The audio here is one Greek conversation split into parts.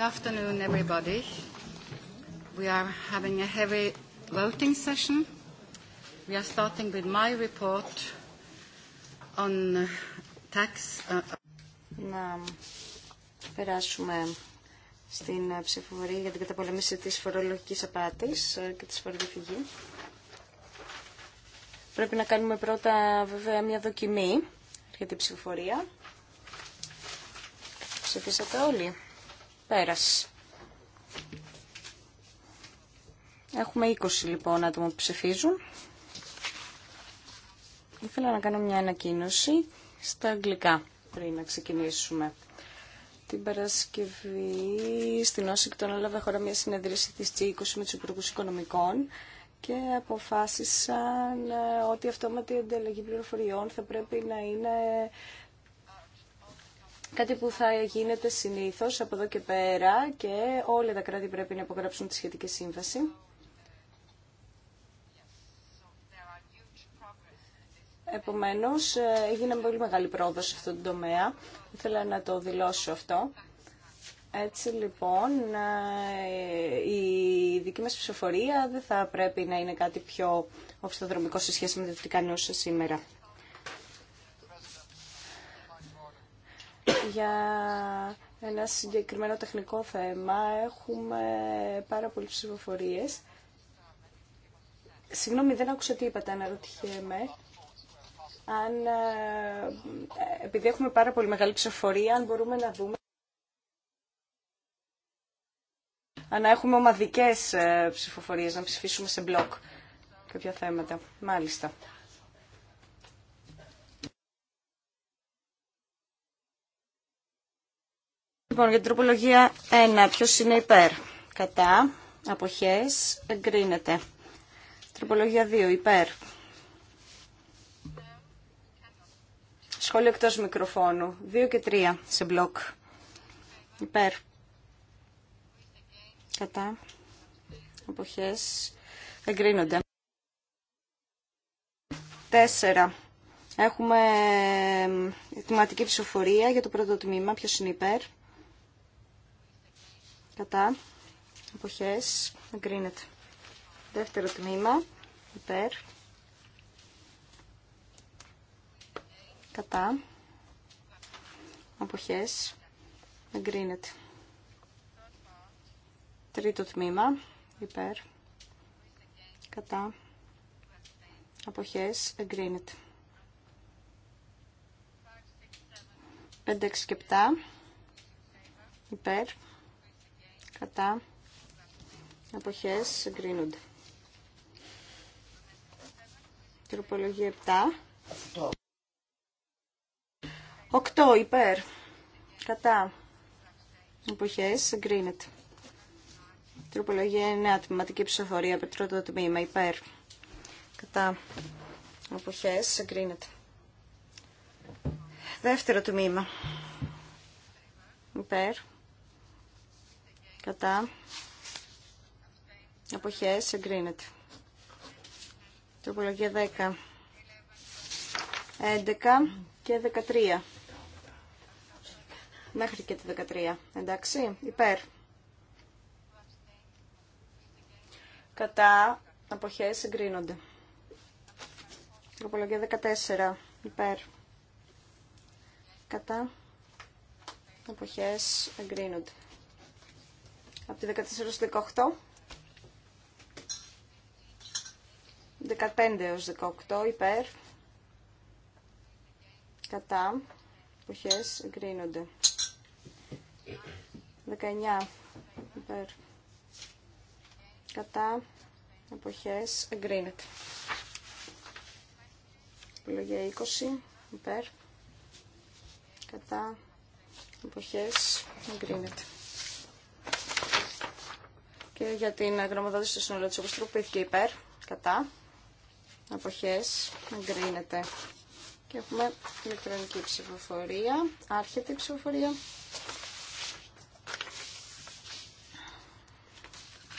Good afternoon, everybody. We are having a heavy voting session. We are starting with my report on uh, tax. Uh, να περάσουμε στην ε, ψηφοφορία για την καταπολέμηση της φορολογικής απάτης ε, και της φοροδιαφυγής. Πρέπει να κάνουμε πρώτα βέβαια μια δοκιμή για την ψηφοφορία. Ψηφίσατε όλοι. Πέρας. Έχουμε 20 λοιπόν άτομα που ψηφίζουν. Ήθελα να κάνω μια ανακοίνωση στα αγγλικά πριν να ξεκινήσουμε. Την Παρασκευή στην Όσικτον έλαβε χώρα μια συνεδρίαση της 20 με τους Υπουργούς Οικονομικών και αποφάσισαν ε, ότι η αυτόματη ανταλλαγή πληροφοριών θα πρέπει να είναι κάτι που θα γίνεται συνήθως από εδώ και πέρα και όλα τα κράτη πρέπει να υπογράψουν τη σχετική σύμβαση. Επομένως, ε, έγινε πολύ μεγάλη πρόοδος σε αυτόν τον τομέα. Ήθελα να το δηλώσω αυτό. Έτσι λοιπόν, ε, η δική μας ψηφοφορία δεν θα πρέπει να είναι κάτι πιο οφθοδρομικό σε σχέση με το τι κάνει σήμερα. για ένα συγκεκριμένο τεχνικό θέμα. Έχουμε πάρα πολλέ ψηφοφορίε. Συγγνώμη, δεν άκουσα τι είπατε, αναρωτιέμαι. Αν, ε, επειδή έχουμε πάρα πολύ μεγάλη ψηφοφορία, αν μπορούμε να δούμε αν έχουμε ομαδικές ε, ψηφοφορίες, να ψηφίσουμε σε μπλοκ κάποια θέματα. Μάλιστα. Λοιπόν, για την τροπολογία 1. Ποιος είναι υπέρ. Κατά. Αποχές. Εγκρίνεται. Τροπολογία 2. Υπέρ. Σχόλιο εκτός μικροφώνου. 2 και 3 σε μπλοκ. Υπέρ. Κατά. Αποχές. Εγκρίνονται. 4. Έχουμε ετοιματική ψηφοφορία για το πρώτο τμήμα. Ποιος είναι υπέρ κατά, εποχές, εγκρίνεται. Δεύτερο τμήμα, υπέρ, κατά, εποχές, εγκρίνεται. Τρίτο τμήμα, υπέρ, κατά, αποχέ, εγκρίνεται. 5, 6 και 7, υπέρ, κατά εποχές, εγκρίνονται. Τροπολογία 7. 8 υπέρ. Κατά. Εποχές εγκρίνεται. Τροπολογία 9. Τμηματική ψηφοφορία. Πετρώτο τμήμα. Υπέρ. Κατά. Εποχές εγκρίνεται. Δεύτερο τμήμα. Υπέρ κατά αποχές εγκρίνεται. Τροπολογία 10, 11 και 13. Μέχρι και τη 13. Εντάξει, υπέρ. Κατά αποχές εγκρίνονται. Τροπολογία 14. Υπέρ. Κατά αποχές εγκρίνονται από τη 14 18. 15 έως 18 υπέρ. Κατά. Εποχές εγκρίνονται. 19 υπέρ. Κατά. Εποχές εγκρίνεται. Επιλογή 20 υπέρ. Κατά. Εποχές εγκρίνεται και για την γραμματοδότηση του συνολού της όπως υπέρ, κατά, αποχές, εγκρίνεται. Και έχουμε ηλεκτρονική ψηφοφορία, άρχεται η ψηφοφορία.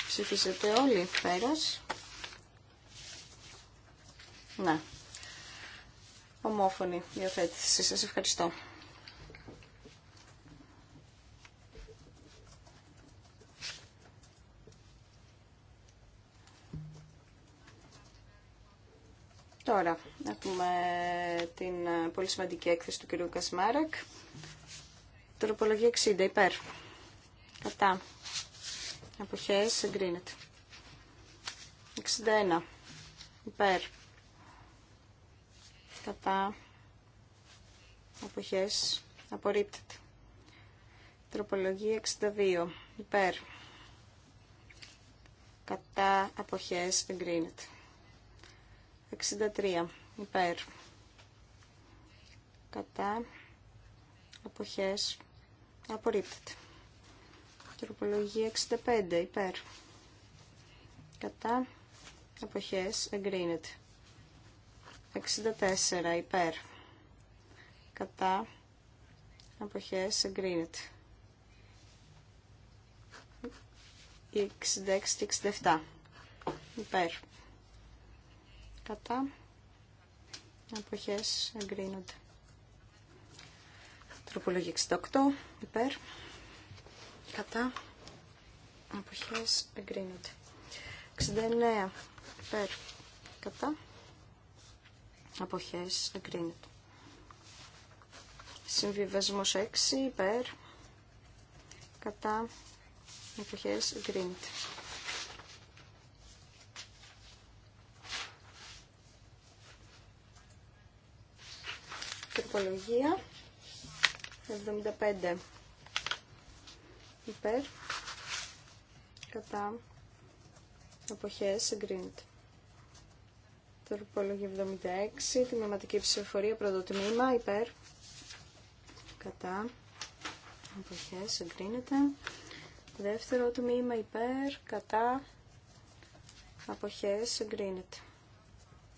Ψηφίσετε όλοι, πέρας. Ναι. Ομόφωνη διαθέτηση. Σας ευχαριστώ. Τώρα έχουμε την πολύ σημαντική έκθεση του κυρίου Κασμάρακ. Τροπολογία 60 υπέρ. Κατά. Αποχές εγκρίνεται. 61 υπέρ. Κατά. Αποχές απορρίπτεται. Τροπολογία 62 υπέρ. Κατά. Αποχές εγκρίνεται. 63 υπέρ κατά αποχές απορρίπτεται τροπολογία 65 υπέρ κατά αποχές εγκρίνεται 64 υπέρ κατά αποχές εγκρίνεται 66 και 67 υπέρ κατά αποχές εγκρίνονται. Τροπολογή 68 υπέρ κατά αποχές εγκρίνονται. 69 υπέρ κατά αποχές εγκρίνονται. Συμβιβασμός 6 υπέρ κατά αποχές εγκρίνονται. Τροπολογία 75 υπέρ κατά αποχές εγκρίνεται. Τροπολογία 76, τμήματική ψηφοφορία, πρώτο τμήμα, υπέρ, κατά, αποχές, εγκρίνεται. Δεύτερο τμήμα, υπέρ, κατά, αποχές, εγκρίνεται.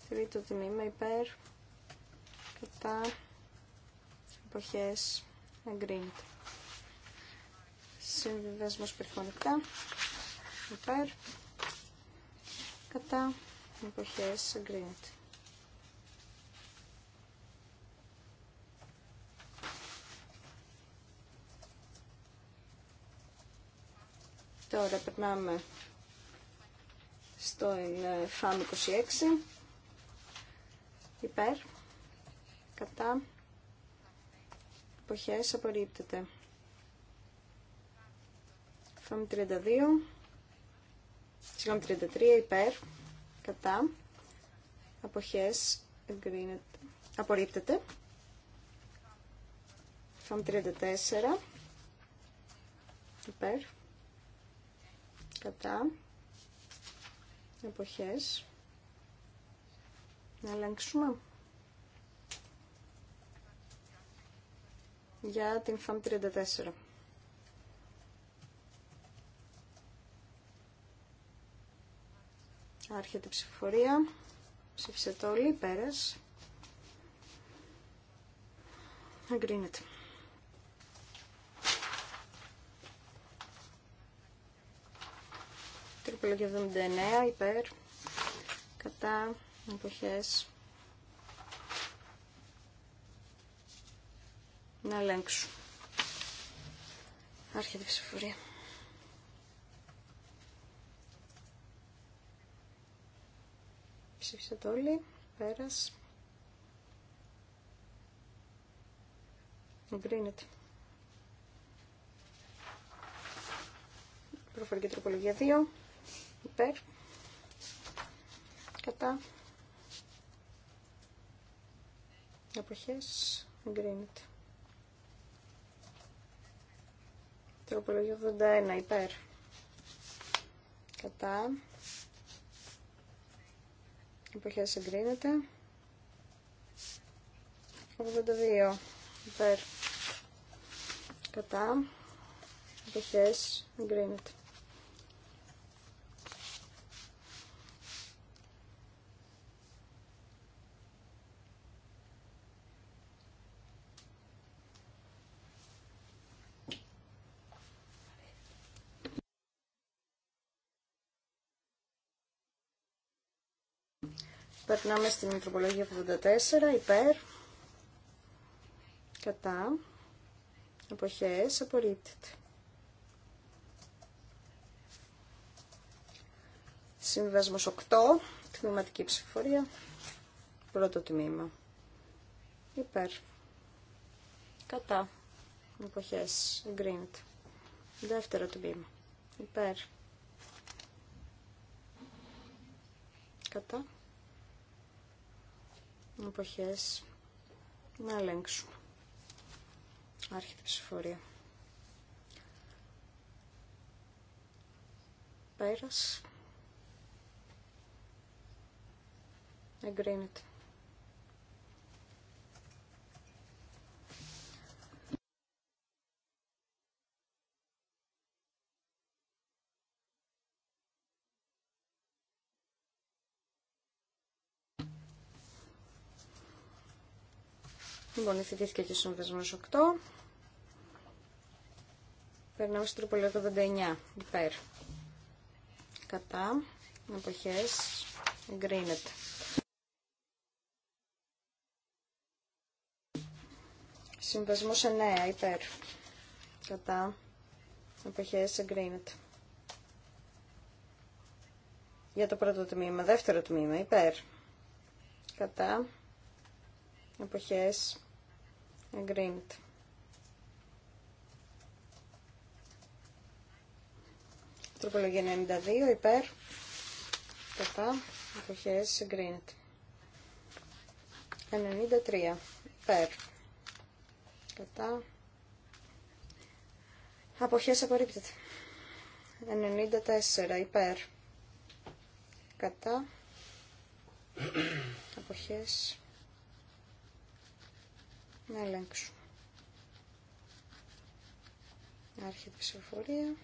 Τρίτο τμήμα, υπέρ, κατά, εποχές εγκρίνεται. Συμβιβασμός περιφωνικά υπέρ κατά εποχές εγκρίνεται. Τώρα περνάμε στο ε, ΦΑΜ 26 υπέρ κατά Αποχές απορρίπτεται. Φάμε 32. Συγγνώμη 33 υπέρ. Κατά. Αποχές εγκρίνεται. Απορρίπτεται. Φάμε 34. Υπέρ. Κατά. αποχες Να αλλάξουμε. για την ΦΑΜ 34. Άρχεται η ψηφοφορία. Ψήφισε το όλοι. Πέρας. Εγκρίνεται. και 79. Υπέρ. Κατά. Εποχές. να ελέγξουν. Άρχεται η ψηφορία. το όλοι. Πέρας. Εγκρίνεται. Προφορική τροπολογία 2. Υπέρ. Κατά. Εποχές. Εγκρίνεται. Τροπολογία 81 υπέρ. Κατά. Εποχέ εγκρίνεται. 82 υπέρ. Κατά. Εποχέ εγκρίνεται. Περνάμε στην τροπολογία 84, υπέρ, κατά, εποχές, απορρίπτεται. Συμβασμός 8, τμήματική ψηφοφορία, πρώτο τμήμα, υπέρ, κατά, εποχές, εγκρίνεται. Δεύτερο τμήμα, υπέρ, κατά, εποχές να ελέγξουν Άρχεται ψηφορία. Πέρας. Εγκρίνεται. Λοιπόν, εφηγήθηκε και ο συμβασμό 8. Περνάμε στο τροπολείο 89. Υπέρ. Κατά. εποχέ, Εγκρίνεται. Συμβασμό 9. Υπέρ. Κατά. εποχέ, Εγκρίνεται. Για το πρώτο τμήμα. Δεύτερο τμήμα. Υπέρ. Κατά. Εποχές. Τροπολογία 92 υπέρ κατά εποχές συγκρίνεται 93 υπέρ κατά αποχές απορρίπτεται 94 υπέρ κατά αποχές να ελέγξουμε. Άρχεται η ψηφοφορία.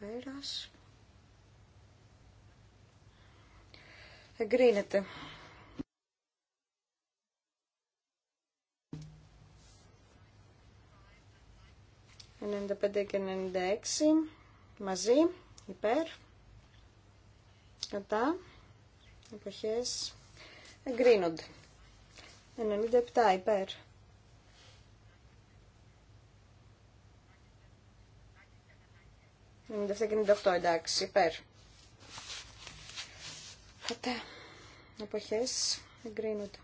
Πέρας. Εγκρίνεται. ...95 και 96 μαζί, υπέρ, κατά, εποχές, εγκρίνονται. 97 υπέρ. και 98 εντάξει υπέρ. Κατά εποχές εγκρίνονται.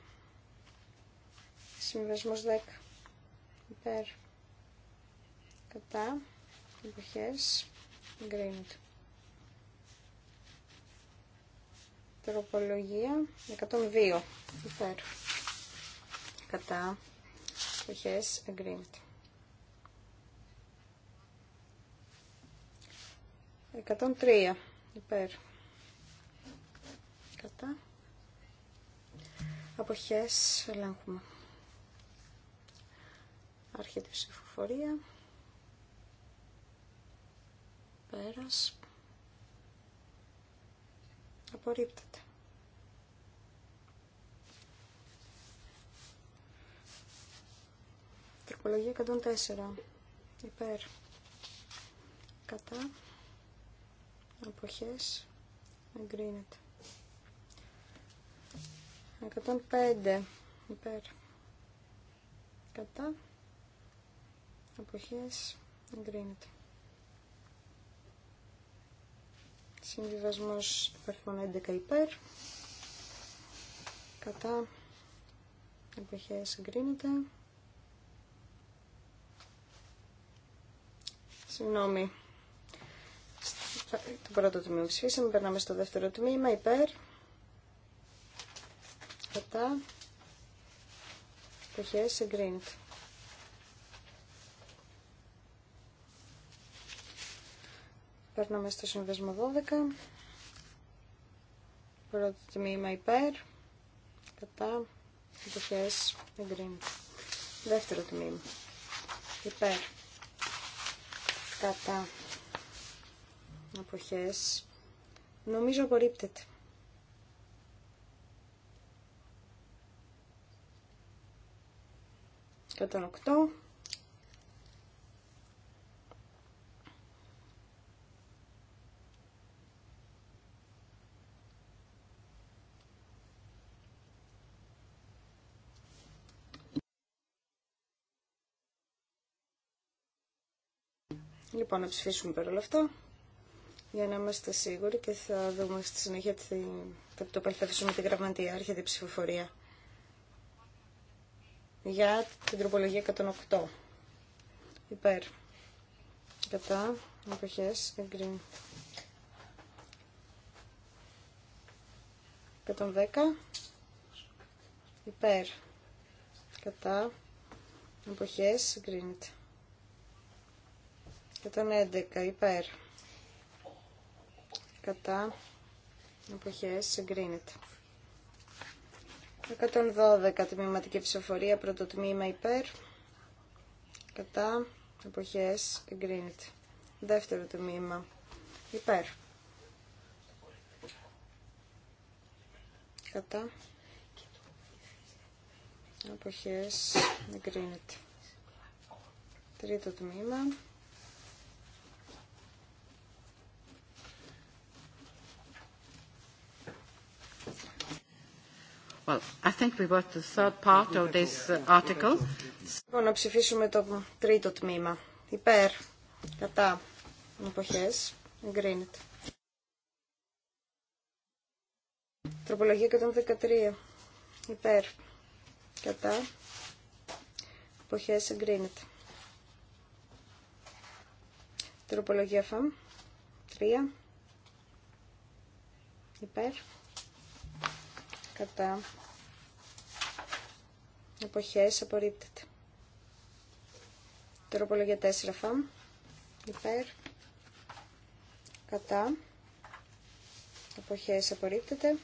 Συμβεσμός 10 υπέρ. Κατά εποχές εγκρίνονται. Τροπολογία 102. Υπέρ. Κατά. Αποχές εγκρίνεται. 103. Υπέρ. Κατά. Αποχές ελέγχουμε. Άρχεται η ψηφοφορία. Πέρας. Απορρίπτεται. Τροπολογία 104. Υπέρ. Κατά. Αποχές. Εγκρίνεται. 105. Υπέρ. Κατά. Αποχές. Εγκρίνεται. Συμβιβασμός υπερφών 11 υπέρ. Κατά εποχές εγκρίνεται. Συγγνώμη. Το πρώτο τμήμα ψηφίσαμε, περνάμε στο δεύτερο τμήμα, υπέρ, κατά, εποχές εγκρίνεται. Περνάμε στο συμβασμό 12. Πρώτο τμήμα υπέρ. Κατά. Εντοχές. Εγκρίνεται. Δεύτερο τμήμα. Υπέρ. Κατά. εποχέ. Νομίζω απορρίπτεται. Κατά 8. Λοιπόν, να ψηφίσουμε όλο αυτό για να είμαστε σίγουροι και θα δούμε στη συνέχεια τι θα το τη την γραμματεία. Άρχεται η ψηφοφορία για την τροπολογία 108. Υπέρ. Κατά. Εποχές. Εγκρίνει. 110. Υπέρ. Κατά. Εποχές. Εγκρίνεται και τον 11 υπέρ. Κατά εποχές εγκρίνεται. 112 τμήματική ψηφοφορία, πρώτο τμήμα υπέρ. Κατά εποχές εγκρίνεται. Δεύτερο τμήμα υπέρ. Κατά εποχές εγκρίνεται. Τρίτο τμήμα Well, I think we the third part of this uh, article. Λοιπόν, να ψηφίσουμε το τρίτο τμήμα. Υπέρ, κατά, εποχές, εγκρίνεται. Τροπολογία 113. Υπέρ, κατά, εποχές, εγκρίνεται. Τροπολογία ΦΑΜ, 3. Υπέρ κατά εποχές απορρίπτεται. Τροπολογία 4 φαμ, υπέρ, κατά, εποχές απορρίπτεται.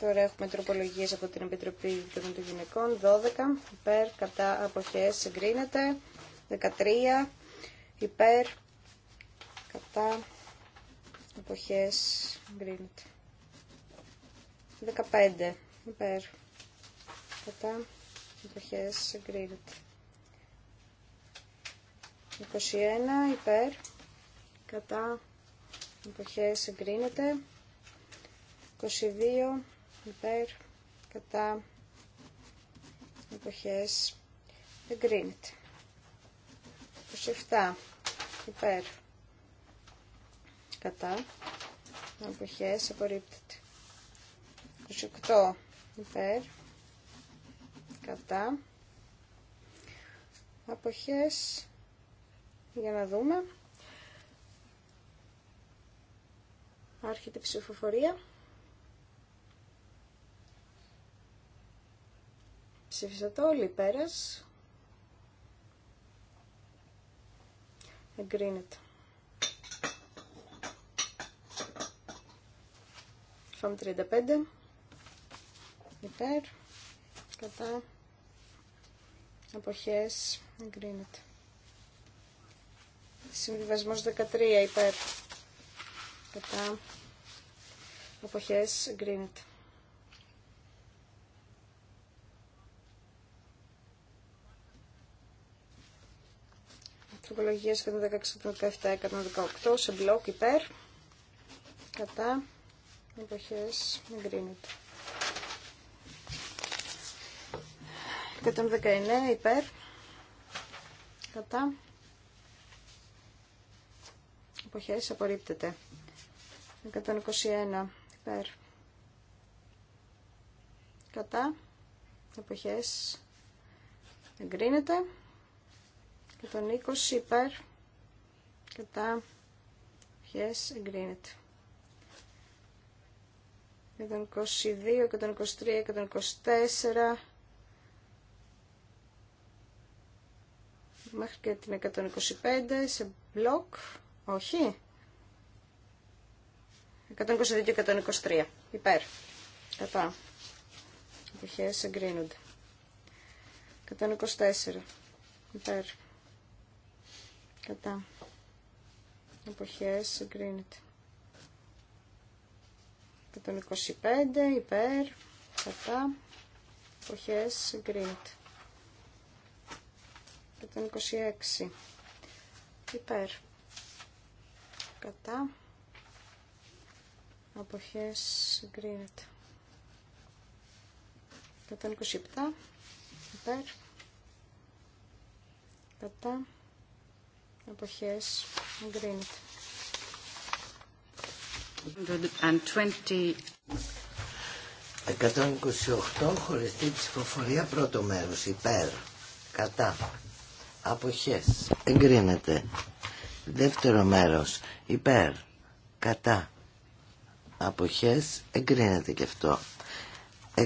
Τώρα έχουμε τροπολογίες από την Επιτροπή των Γυναικών, 12, υπέρ, κατά, αποχές, συγκρίνεται. 13, υπέρ, κατά, εποχές γκρίνεται. 15 υπέρ κατά εποχές γκρίνεται. 21 υπέρ κατά εποχές εγκρίνεται 22 υπέρ κατά εποχές εγκρίνεται 27 υπέρ κατά αποχές απορρίπτεται 28 υπέρ κατά αποχές για να δούμε άρχεται η ψηφοφορία ψήφισα το όλοι πέρας εγκρίνεται Φαμ 35 υπέρ κατά αποχές εγκρίνεται. Συμβιβασμός 13 υπέρ κατά αποχές εγκρίνεται. Τροπολογίες 116-117-118 σε μπλοκ υπέρ κατά εποχές εγκρίνεται. 119 υπέρ κατά εποχές απορρίπτεται. 121 υπέρ κατά εποχές εγκρίνεται. 120 υπέρ κατά εποχές εγκρίνεται. 122, 123, 124 μέχρι και την 125 σε μπλοκ, όχι. 122 και 123, υπέρ, κατά. Εποχές εγκρίνονται. 124, υπέρ, κατά. Εποχές εγκρίνεται και τον 25 υπέρ κατά εποχές γκριντ. και τον 26 υπέρ κατά εποχές γκριντ. και τον 27 υπέρ κατά εποχές γκριντ. 128 χωριστή ψηφοφορία πρώτο μέρος υπέρ κατά αποχές εγκρίνεται δεύτερο μέρος υπέρ κατά αποχές εγκρίνεται και αυτό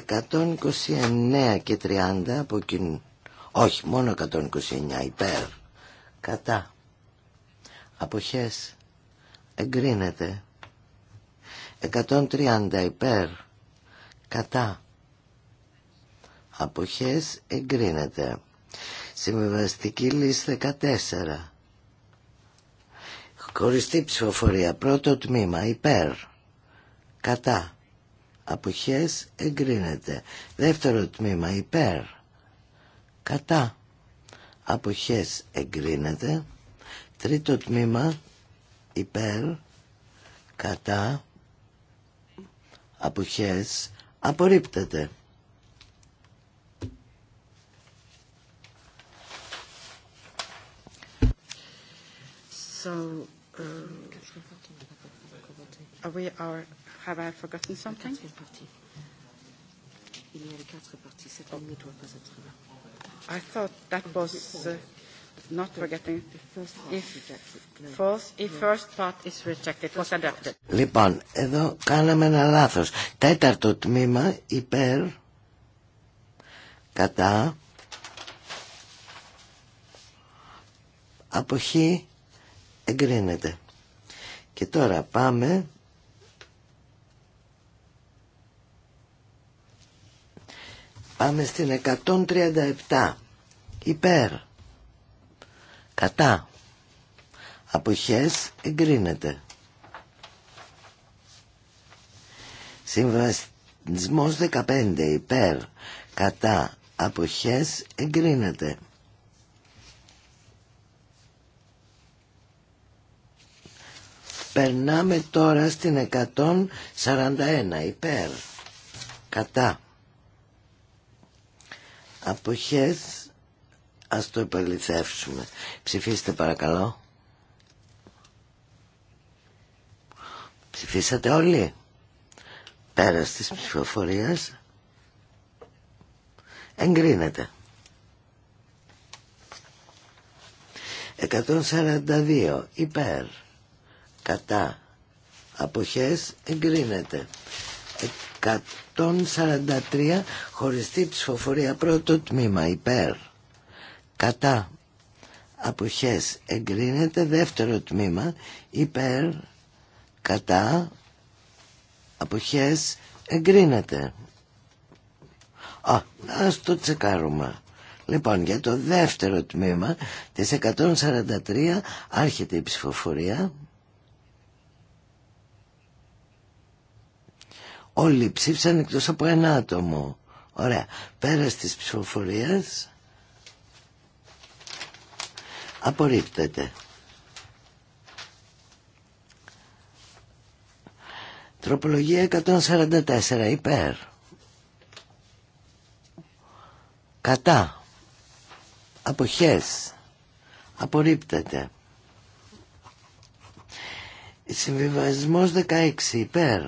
129 και 30 από όχι μόνο 129 υπέρ κατά αποχές εγκρίνεται 130 υπέρ κατά αποχές εγκρίνεται συμβιβαστική λίστα 14 χωριστή ψηφοφορία πρώτο τμήμα υπέρ κατά αποχές εγκρίνεται δεύτερο τμήμα υπέρ κατά αποχές εγκρίνεται τρίτο τμήμα υπέρ κατά αποχές απορρίπτεται. So, uh, are we are, have I forgotten something? I thought that was. Uh, Λοιπόν, εδώ κάναμε ένα λάθος. Τέταρτο τμήμα υπέρ κατά αποχή εγκρίνεται. Και τώρα πάμε Πάμε στην 137 υπέρ Κατά. Αποχές εγκρίνεται. Συμβασμός 15 υπέρ. Κατά. Αποχές εγκρίνεται. Περνάμε τώρα στην 141 υπέρ. Κατά. Αποχές Ας το επαληθεύσουμε. Ψηφίστε παρακαλώ. Ψηφίσατε όλοι. πέρα της ψηφοφορίας. Εγκρίνεται. 142 υπέρ. Κατά. Αποχές εγκρίνεται. 143 χωριστή ψηφοφορία πρώτο τμήμα υπέρ κατά αποχές εγκρίνεται δεύτερο τμήμα υπέρ κατά αποχές εγκρίνεται Α, ας το τσεκάρουμε Λοιπόν, για το δεύτερο τμήμα της 143 άρχεται η ψηφοφορία. Όλοι ψήφισαν εκτός από ένα άτομο. Ωραία. Πέρας της ψηφοφορίας απορρίπτεται. Τροπολογία 144 υπέρ. Κατά. Αποχές. Απορρίπτεται. Συμβιβασμός 16 υπέρ.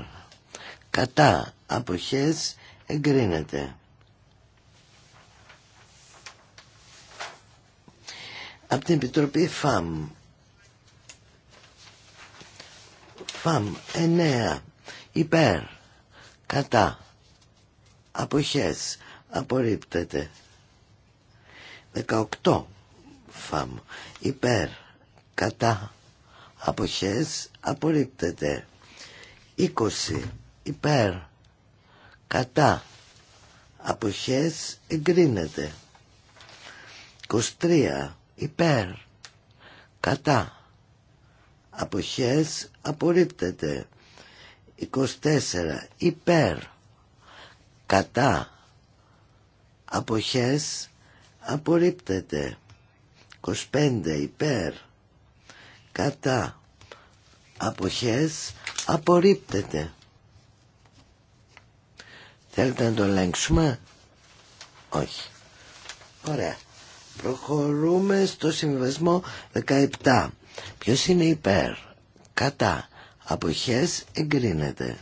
Κατά. Αποχές. Εγκρίνεται. από την Επιτροπή ΦΑΜ. ΦΑΜ 9 υπέρ κατά αποχές απορρίπτεται 18 ΦΑΜ υπέρ κατά αποχές απορρίπτεται 20 υπέρ κατά αποχές εγκρίνεται 23 υπέρ κατά αποχές απορρίπτεται 24 υπέρ κατά αποχές απορρίπτεται 25 υπέρ κατά αποχές απορρίπτεται Θέλετε να το ελέγξουμε Όχι Ωραία Προχωρούμε στο συμβιβασμό 17. Ποιος είναι υπέρ, κατά, αποχές εγκρίνεται.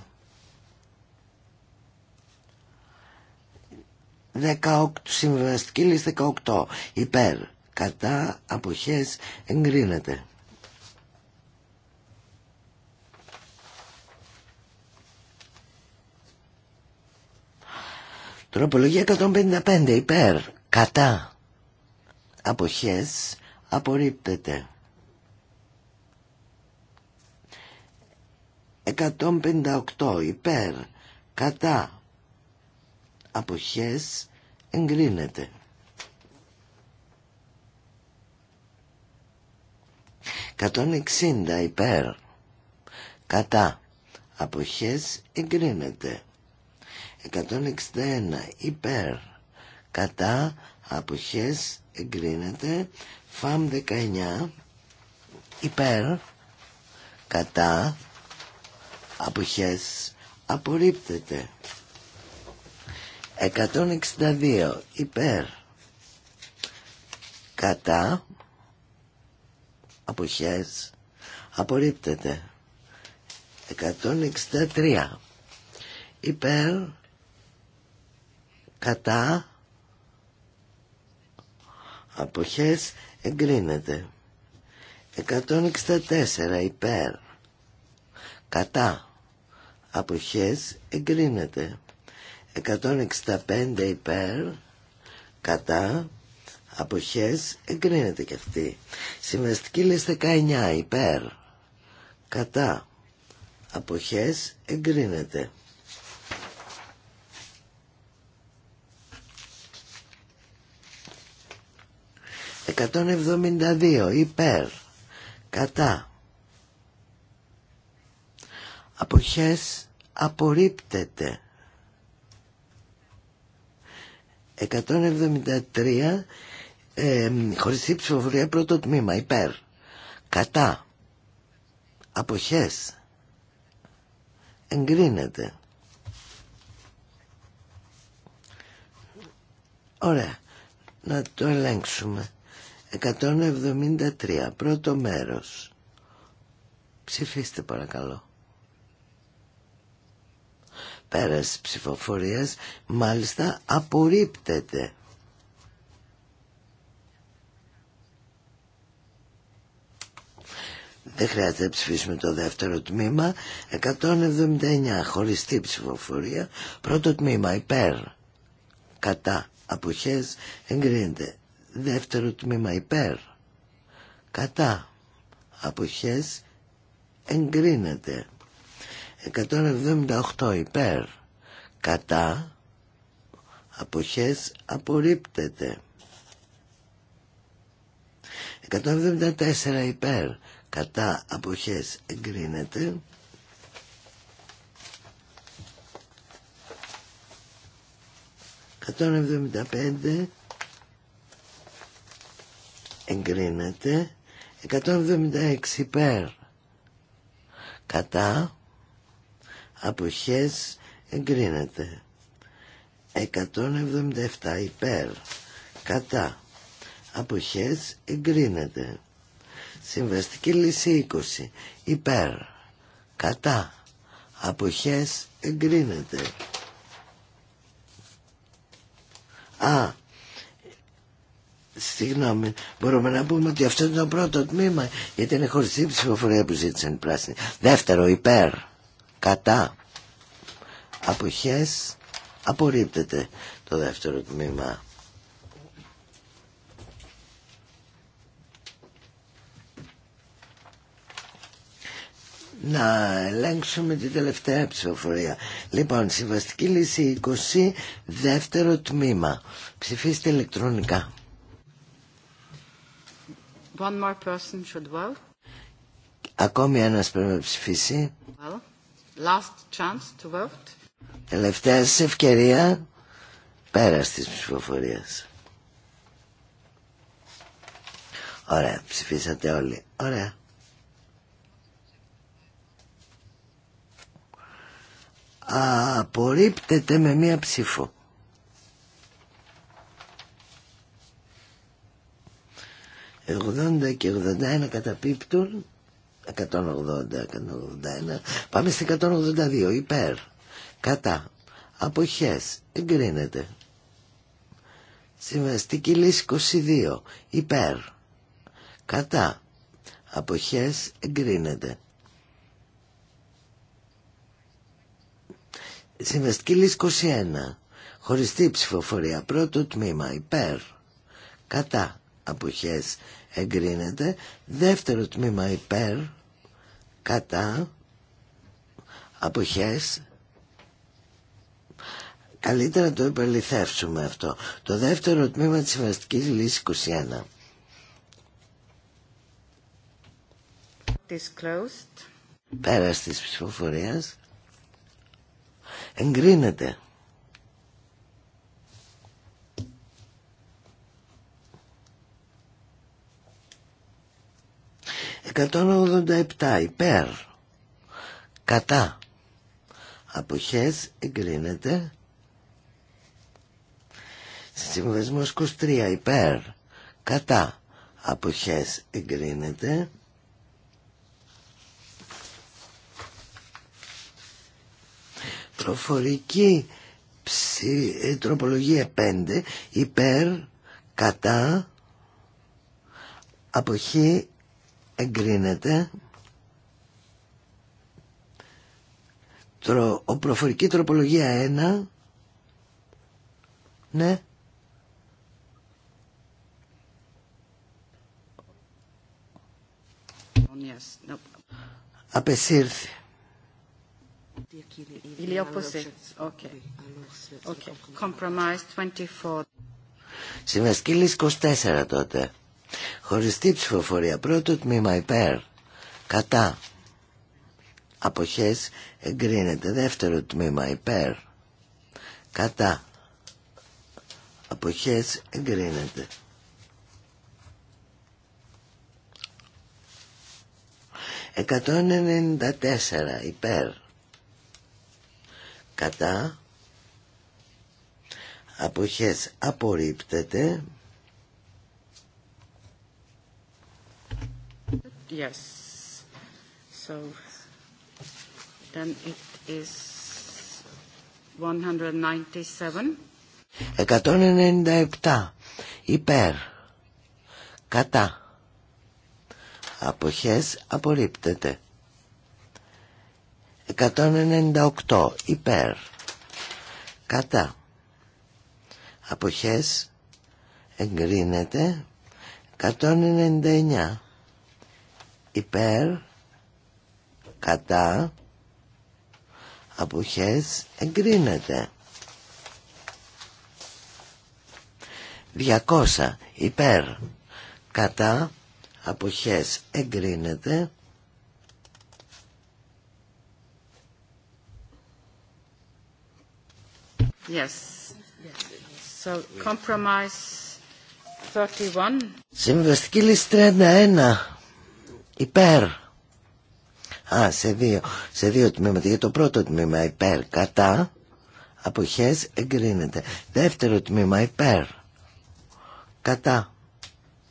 18, συμβιβαστική λύση 18. Υπέρ, κατά, αποχές εγκρίνεται. Τροπολογία 155 υπέρ, κατά, αποχές απορρίπτεται 158 υπέρ κατά αποχές εγκρίνεται 160 υπέρ κατά αποχές εγκρίνεται 161 υπέρ κατά αποχές εγκρίνεται φαμ 19 υπέρ κατά αποχές απορρίπτεται 162 υπέρ κατά αποχές απορρίπτεται 163 υπέρ κατά αποχές εγκρίνεται 164 υπέρ κατά αποχές εγκρίνεται 165 υπέρ κατά αποχές εγκρίνεται και αυτή συμβαστική λίστα 19 υπέρ κατά αποχές εγκρίνεται 172 υπέρ κατά αποχές απορρίπτεται 173 ε, χωριστή ψηφοφορία πρώτο τμήμα υπέρ κατά αποχές εγκρίνεται ωραία να το ελέγξουμε 173. Πρώτο μέρος. Ψηφίστε παρακαλώ. Πέρας ψηφοφορίας μάλιστα απορρίπτεται. Δεν χρειάζεται να ψηφίσουμε το δεύτερο τμήμα. 179 χωριστή ψηφοφορία. Πρώτο τμήμα υπέρ. Κατά. Αποχές εγκρίνεται δεύτερο τμήμα υπέρ κατά αποχές εγκρίνεται 178 υπέρ κατά αποχές απορρίπτεται 174 υπέρ κατά αποχές εγκρίνεται 175 εγκρίνεται 176 υπέρ κατά αποχές εγκρίνεται 177 υπέρ κατά αποχές εγκρίνεται συμβαστική λύση 20 υπέρ κατά αποχές εγκρίνεται Α, Συγγνώμη, μπορούμε να πούμε ότι αυτό είναι το πρώτο τμήμα, γιατί είναι χωριστή ψηφοφορία που ζήτησαν οι πράσινοι. Δεύτερο, υπέρ, κατά, αποχές, απορρίπτεται το δεύτερο τμήμα. να ελέγξουμε την τελευταία ψηφοφορία. Λοιπόν, συμβαστική λύση 20, δεύτερο τμήμα. Ψηφίστε ηλεκτρονικά. Ακόμη ένας πρέπει να ψηφίσει. Well, last Τελευταία ευκαιρία πέρα τη ψηφοφορίας. Ωραία, ψηφίσατε όλοι. Ωραία. Απορρίπτεται με μία ψήφο. 80 και 81 καταπίπτουν 180, 181 πάμε στην 182 υπέρ κατά αποχές εγκρίνεται συμβαστική λύση 22 υπέρ κατά αποχές εγκρίνεται συμβαστική λύση 21 χωριστή ψηφοφορία πρώτο τμήμα υπέρ κατά αποχές εγκρίνεται δεύτερο τμήμα υπέρ κατά αποχές καλύτερα το υπερληθεύσουμε αυτό το δεύτερο τμήμα της συμβαστικής λύσης 21 Disclosed. Πέρας της ψηφοφορίας εγκρίνεται 187 υπέρ κατά αποχές εγκρίνεται συμβασμός 23 υπέρ κατά αποχές εγκρίνεται προφορική ψη, ε, τροπολογία 5 υπέρ κατά αποχή εγκρίνεται ο προφορική τροπολογία 1 ναι yes. nope. απεσύρθη Il 24 τότε. Χωριστή ψηφοφορία. Πρώτο τμήμα υπέρ. Κατά. Αποχές εγκρίνεται. Δεύτερο τμήμα υπέρ. Κατά. Αποχές εγκρίνεται. Εκατόν ενενήντα υπέρ. Κατά. Αποχές απορρίπτεται. Yes. So then it is 197. 197 υπέρ κατά αποχές απορρίπτεται 198 υπέρ κατά αποχές εγκρίνεται 199 υπέρ κατά αποχές εγκρίνεται 200 υπέρ κατά αποχές εγκρίνεται 31 yes. so, compromise 31. Συμβαστική λύση 31 υπέρ α σε δύο σε δύο τμήματα για το πρώτο τμήμα υπέρ κατά αποχές εγκρίνεται δεύτερο τμήμα υπέρ κατά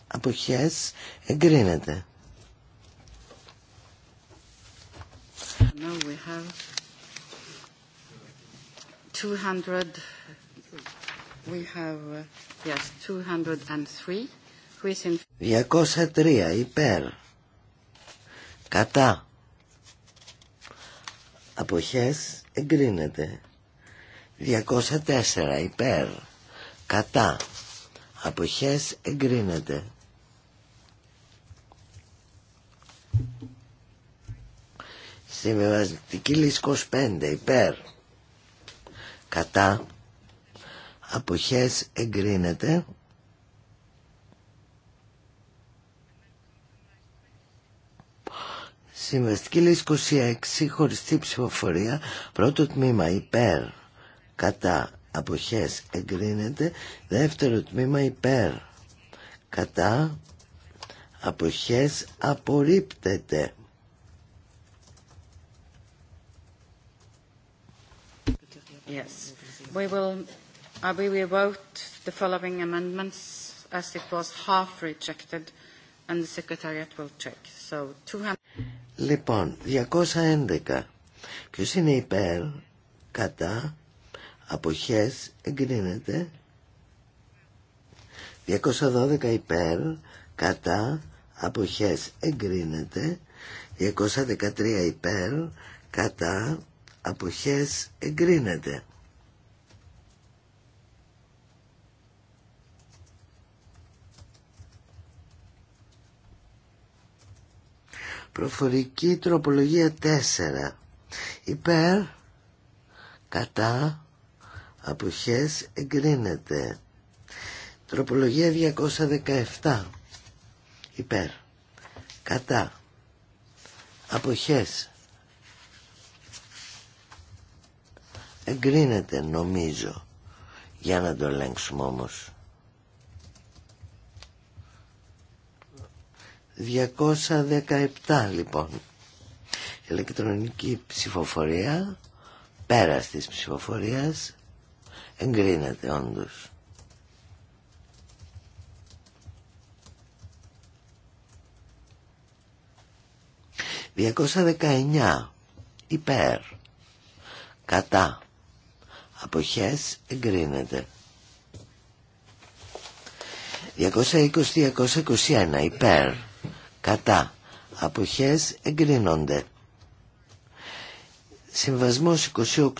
αποχές εγκρίνεται Now we have 200 we have uh, yes 203 who is in 203 υπέρ Κατά. Αποχές εγκρίνεται. 204 υπέρ. Κατά. Αποχές εγκρίνεται. 5 υπέρ. Κατά. Αποχές εγκρίνεται. Συμβαστική λύση 26, χωριστή ψηφοφορία, πρώτο τμήμα υπέρ, κατά, αποχές, εγκρίνεται, δεύτερο τμήμα υπέρ, κατά, αποχές, απορρίπτεται. Yes. We will, uh, we will vote the following amendments as it was half rejected. Λοιπόν, 211. Ποιος είναι υπέρ, κατά, αποχές, εγκρίνεται. 212 υπέρ, κατά, αποχές, εγκρίνεται. 213 υπέρ, κατά, αποχές, εγκρίνεται. Προφορική τροπολογία 4. Υπέρ, κατά, αποχές εγκρίνεται. Τροπολογία 217. Υπέρ, κατά, αποχές εγκρίνεται νομίζω. Για να το ελέγξουμε όμως. 217 λοιπόν. Ηλεκτρονική ψηφοφορία, πέρας της ψηφοφορίας, εγκρίνεται όντως. «219 υπέρ κατά αποχές εγκρίνεται». «220-221 υπέρ κατά αποχές εγκρίνονται Συμβασμός 28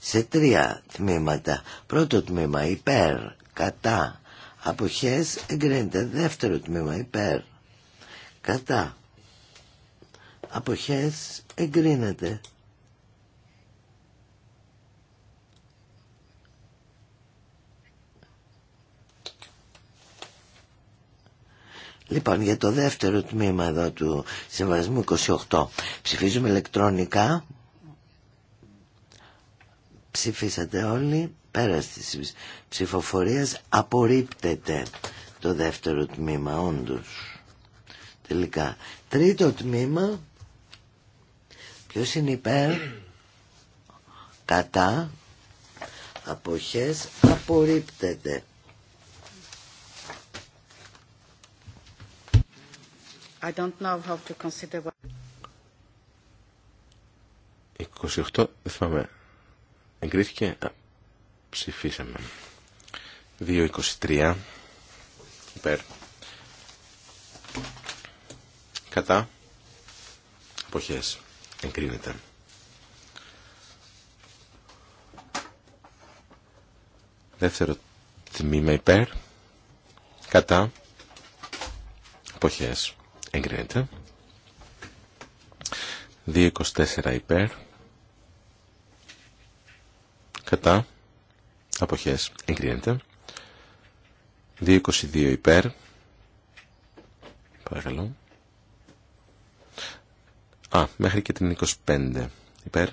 σε τρία τμήματα πρώτο τμήμα υπέρ κατά αποχές εγκρίνεται δεύτερο τμήμα υπέρ κατά αποχές εγκρίνεται Λοιπόν, για το δεύτερο τμήμα εδώ του συμβασμού 28 ψηφίζουμε ηλεκτρονικά. Ψηφίσατε όλοι. Πέρα τη ψηφοφορίας απορρίπτεται το δεύτερο τμήμα, όντω. Τελικά. Τρίτο τμήμα. Ποιο είναι υπέρ. Κατά. Αποχές απορρίπτεται. I don't know 28, δεν θυμάμαι. Εγκρίθηκε. Α, ψηφίσαμε. 2.23. Υπέρ. Κατά. Αποχές. Εγκρίνεται. Δεύτερο τμήμα υπέρ. Κατά. Αποχές. Εγκρίνεται. 2.24 υπέρ. Κατά. Αποχές. Εγκρίνεται. 2.22 υπέρ. Παρακαλώ. Α, μέχρι και την 25 υπέρ.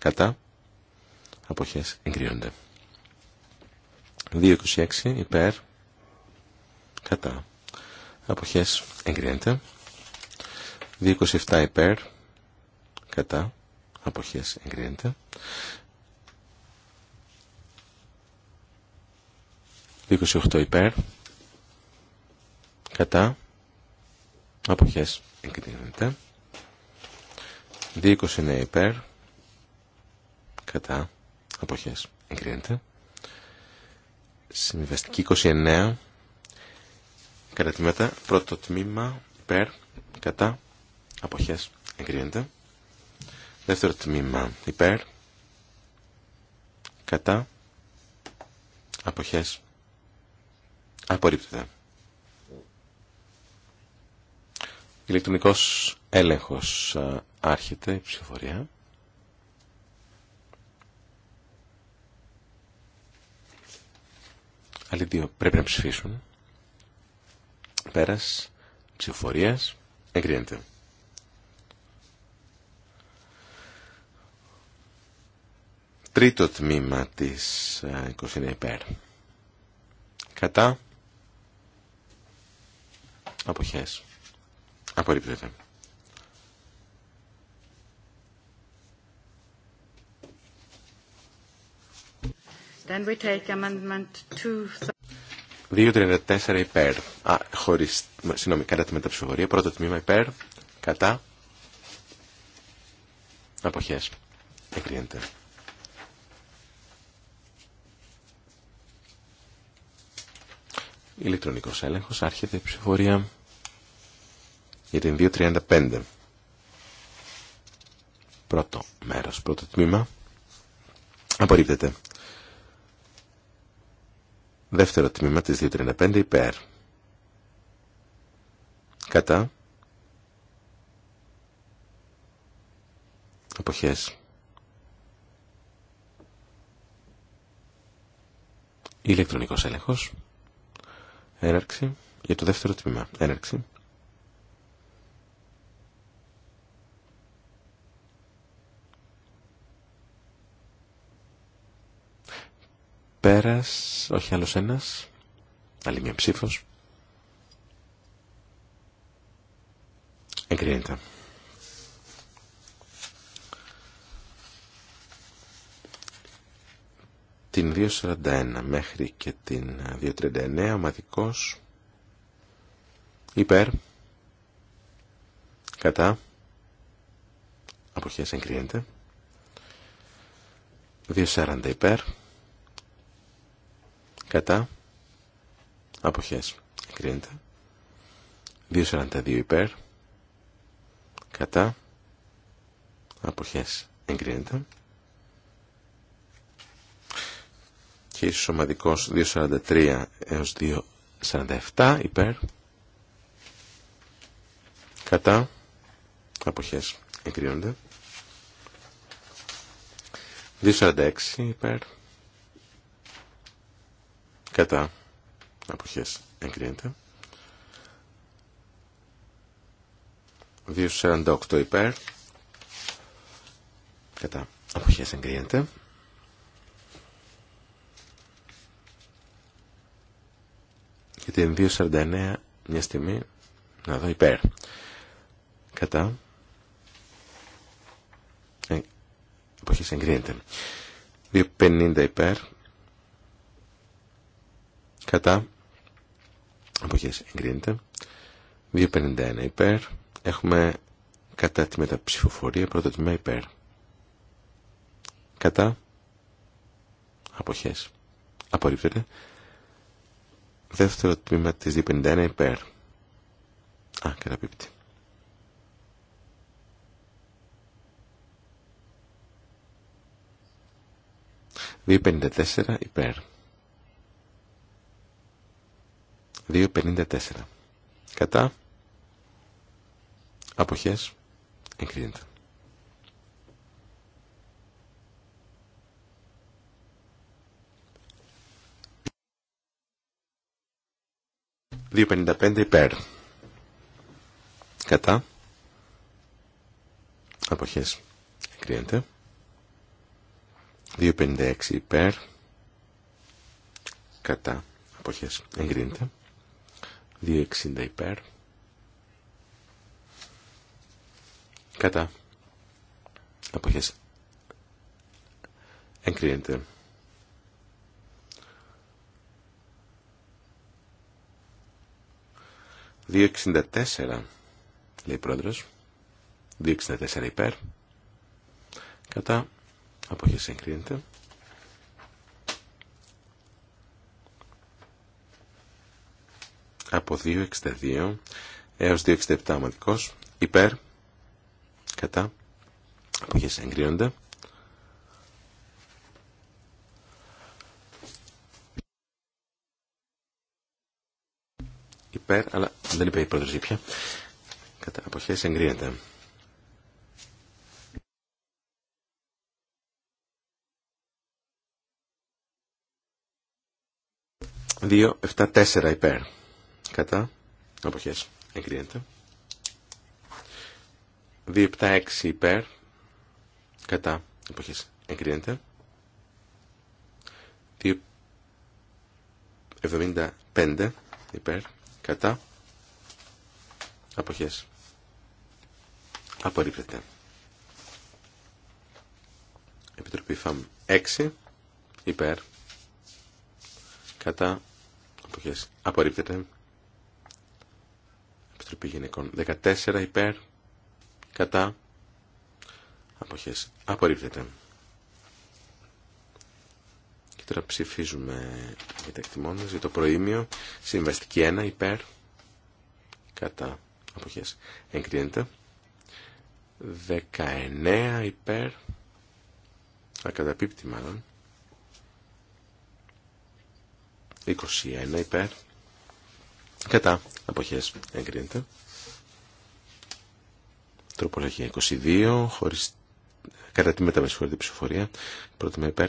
Κατά. Αποχές. Εγκρίνονται. 2.26 υπέρ. Κατά αποχές εγκρίνεται 27 υπέρ κατά αποχές εγκρίνεται 28 υπέρ κατά αποχές εγκρίνεται 29 υπέρ κατά αποχές εγκρίνεται συμβιβαστική 29 Κατά μετά, πρώτο τμήμα, υπέρ, κατά, αποχές, εγκρίνεται. Δεύτερο τμήμα, υπέρ, κατά, αποχές, απορρίπτεται. Ηλεκτρονικός έλεγχος άρχεται η ψηφοφορία. Άλλοι δύο πρέπει να ψηφίσουν. Πέρας ψηφοφορίας εγκρίνεται. Τρίτο τμήμα της 29 ε, υπέρ. Κατά αποχές. Απορρίπτεται. Then we take amendment two... 2.34 υπέρ. Α, χωρίς, συγγνώμη, κατά τη μεταψηφορία. Πρώτο τμήμα υπέρ. Κατά. Αποχέ. Εγκρίνεται. ηλεκτρονικό έλεγχο Άρχεται η ψηφοφορία για την 2.35. Πρώτο μέρο, πρώτο τμήμα. Απορρίπτεται. Δεύτερο τμήμα της 235 υπέρ. Κατά. Αποχές. Ηλεκτρονικός έλεγχος. Έναρξη για το δεύτερο τμήμα. Έναρξη. Πέρας, όχι άλλος ένας. Άλλη μια ψήφος. Εγκρίνεται. Την 2.41 μέχρι και την 2.39 ομαδικός υπέρ κατά αποχές εγκρίνεται 2.40 υπέρ κατά αποχές εγκρίνεται 2.42 υπέρ κατά αποχές εγκρίνεται και ίσως ομαδικός 2.43 έως 2.47 υπέρ κατά αποχές εγκρίνονται 2.46 υπέρ κατά αποχές εγκρίνεται 248 υπέρ κατά αποχές εγκρίνεται Και την 2.49 μια στιγμή να δω υπέρ κατά ε, αποχές εγκρίνεται 2.50 υπέρ κατά αποχές εγκρίνεται 2.51 υπέρ έχουμε κατά τη μεταψηφοφορία πρώτο τμήμα υπέρ κατά αποχές απορρίπτεται δεύτερο τμήμα της 2.51 υπέρ α καταπίπτει ...2.54 υπέρ. 2.54. Κατά. Αποχές. Εγκρίνεται. 2.55 υπέρ. Κατά. Αποχές. Εγκρίνεται. 2.56 υπέρ. Κατά. Αποχές. Εγκρίνεται. 260 υπέρ. Κατά. Αποχές. Εγκρίνεται. 264 λέει πρόεδρος 264 υπέρ κατά αποχές εγκρίνεται από 2,62 έως 2,67 ομαδικός υπέρ κατά αποχές εγκρίνονται υπέρ αλλά δεν είπε η πρόταση πια κατά αποχές εγκρίνονται. Δύο, εφτά, τέσσερα υπέρ. Κατά. Αποχές. Εγκρίνεται. 276 υπέρ. Κατά. Αποχές. Εγκρίνεται. 75 υπέρ. Κατά. Αποχές. Απορρίπτεται. Επιτροπή ΦΑΜ 6 υπέρ. Κατά. Αποχές. Απορρίπτεται. Γυναικών. 14 υπέρ, κατά, αποχές. Απορρίπτεται. Και τώρα ψηφίζουμε για τα εκτιμώντας, για το προήμιο. Συμβαστική 1 υπέρ, κατά, αποχές. Εγκρίνεται. 19 υπέρ, ακαταπίπτει μάλλον. 21 υπέρ, Κατά. Αποχές. Εγκρίνεται. Τροπολογία 22. Χωρίς... Κατά τη μεταμεσχωρητή ψηφοφορία. Πρώτο τμήμα υπέρ.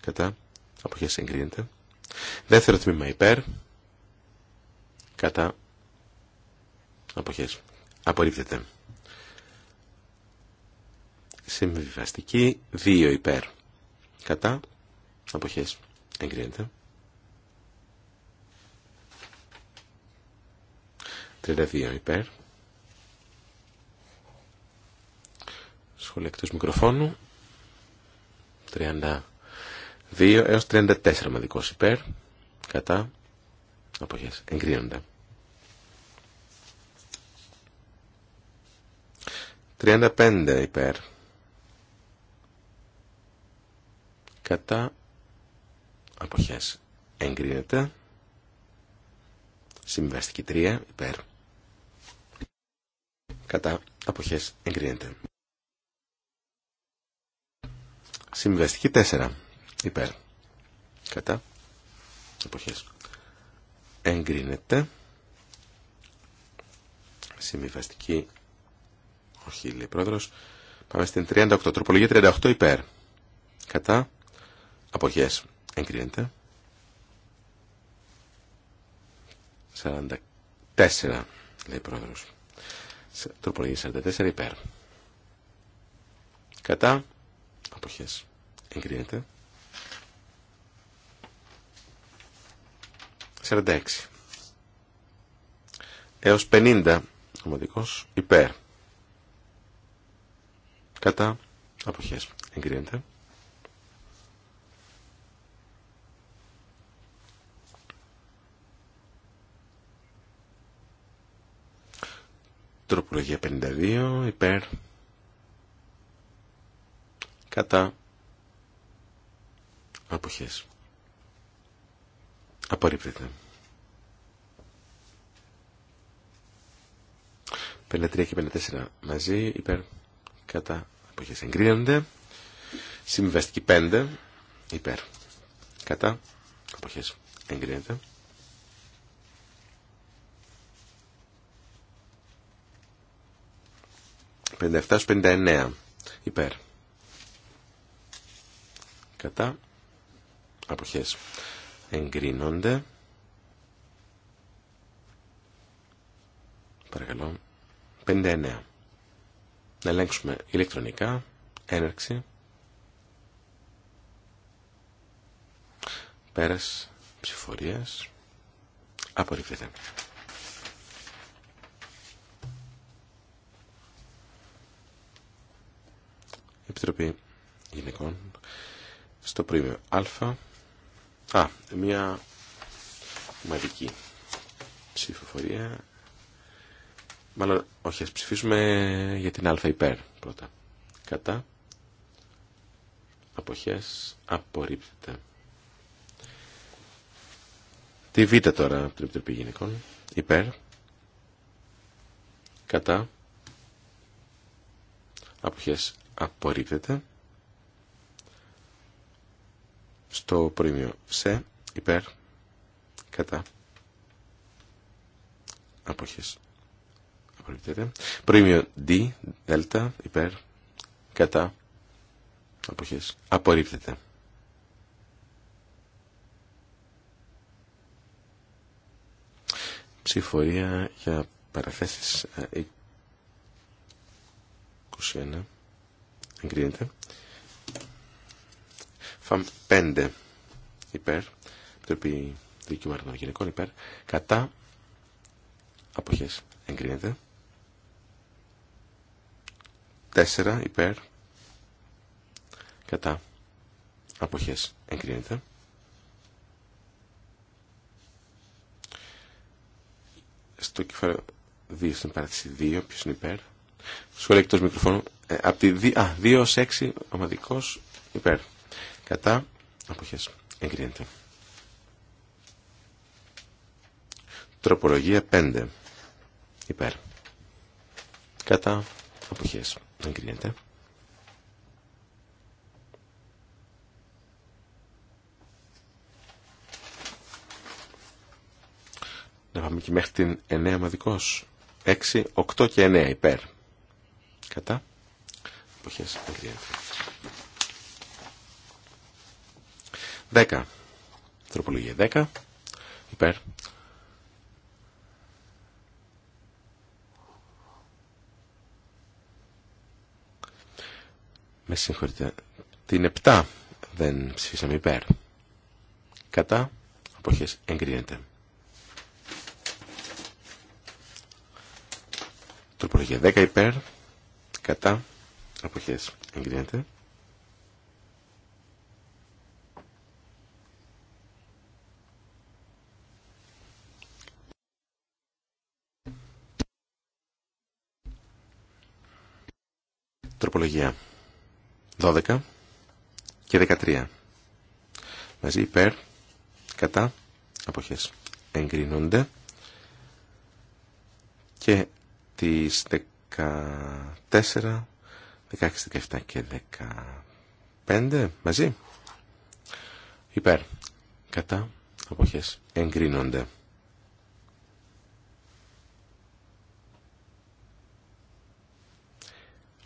Κατά. Αποχές εγκρίνεται. Δεύτερο τμήμα υπέρ. Κατά. Αποχές. Απορρίπτεται. Συμβιβαστική 2 υπέρ. Κατά. Αποχές. Εγκρίνεται. 32 υπέρ. Σχόλια εκτός μικροφώνου. 32 έως 34 μαδικός υπέρ. Κατά. Αποχές. εγκρίνοντα. 35 υπέρ. Κατά. Αποχές. Εγκρίνεται. Συμβαστική 3 υπέρ κατά αποχές εγκρίνεται. Συμβιβαστική 4 υπέρ κατά αποχές εγκρίνεται. Συμβιβαστική όχι λέει πρόεδρος. Πάμε στην 38. Τροπολογία 38 υπέρ. Κατά αποχές εγκρίνεται. 44 λέει πρόεδρος. Τροπολογία 44 υπέρ. Κατά. Αποχές. Εγκρίνεται. 46. Έως 50 ομαδικός υπέρ. Κατά. Αποχές. Εγκρίνεται. Τροπολογία 52 υπέρ κατά αποχές. Απορρίπτεται. 53 και 54 μαζί υπέρ κατά αποχές εγκρίνονται. Συμβιβαστική 5 υπέρ κατά αποχές εγκρίνονται. 57-59 υπέρ. Κατά αποχές εγκρίνονται. Παρακαλώ. 59. Να ελέγξουμε ηλεκτρονικά. Έναρξη. Πέρας ψηφορίας. Απορριφθείτε. Επιτροπή Γυναικών στο πρίμιο Α. Α, μια μαγική ψηφοφορία. Μάλλον, όχι, ας ψηφίσουμε για την Α υπέρ πρώτα. Κατά. Αποχές απορρίπτεται. Τη Β τώρα από την Επιτροπή Γυναικών. Υπέρ. Κατά. Αποχές απορρίπτεται. Στο προημείο σε, υπέρ, κατά, αποχές, απορρίπτεται. Προημείο D, δέλτα, υπέρ, κατά, αποχές, απορρίπτεται. Ψηφορία για παραθέσεις 21 ε, εγκρίνεται. Φαμ 5 υπέρ, επιτροπή δικαιωμάτων των γυναικών υπέρ, κατά αποχές εγκρίνεται. 4 υπέρ, κατά αποχές εγκρίνεται. Στο κεφάλαιο 2 στην παράθεση 2, ποιος είναι υπέρ, Σχόλια εκτός μικροφώνου. Ε, από α, 2 ως 6 ομαδικός υπέρ. Κατά αποχές. Εγκρίνεται. Τροπολογία 5. Υπέρ. Κατά αποχές. Εγκρίνεται. Να πάμε και μέχρι την 9 ομαδικός. 6, 8 και 9 υπέρ. Κατά. Αποχές εγκρίνεται. 10. Τροπολογία 10. Υπέρ. Με συγχωρείτε. Την 7 δεν ψηφίσαμε υπέρ. Κατά. Αποχές εγκρίνεται. Τροπολογία 10 υπέρ κατά αποχές εγκρίνεται. Τροπολογία 12 και 13. Μαζί υπέρ, κατά, αποχές. Εγκρίνονται και τις 14, 16, 17 και 15 μαζί. Υπέρ. Κατά. Αποχές. Εγκρίνονται.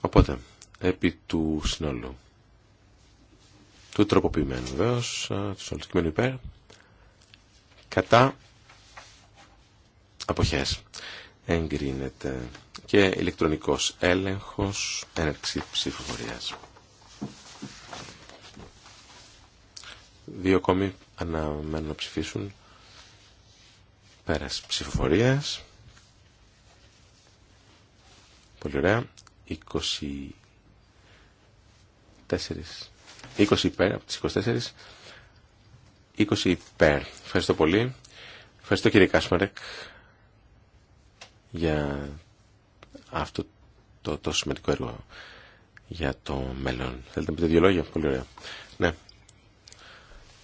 Οπότε, επί του συνόλου του τροποποιημένου βεβαίω, του συνόλου υπέρ, κατά αποχές. Εγκρίνεται και ηλεκτρονικός έλεγχος έναρξη ψηφοφορίας. Δύο ακόμη αναμένουν να ψηφίσουν πέρας ψηφοφορίας. Πολύ ωραία. 20... 20 υπέρ από τις 24. 20 υπέρ. Ευχαριστώ πολύ. Ευχαριστώ κύριε Κάσμαρεκ για αυτό το τόσο σημαντικό έργο για το μέλλον. Θέλετε να πείτε δύο λόγια. Πολύ ωραία. Ναι.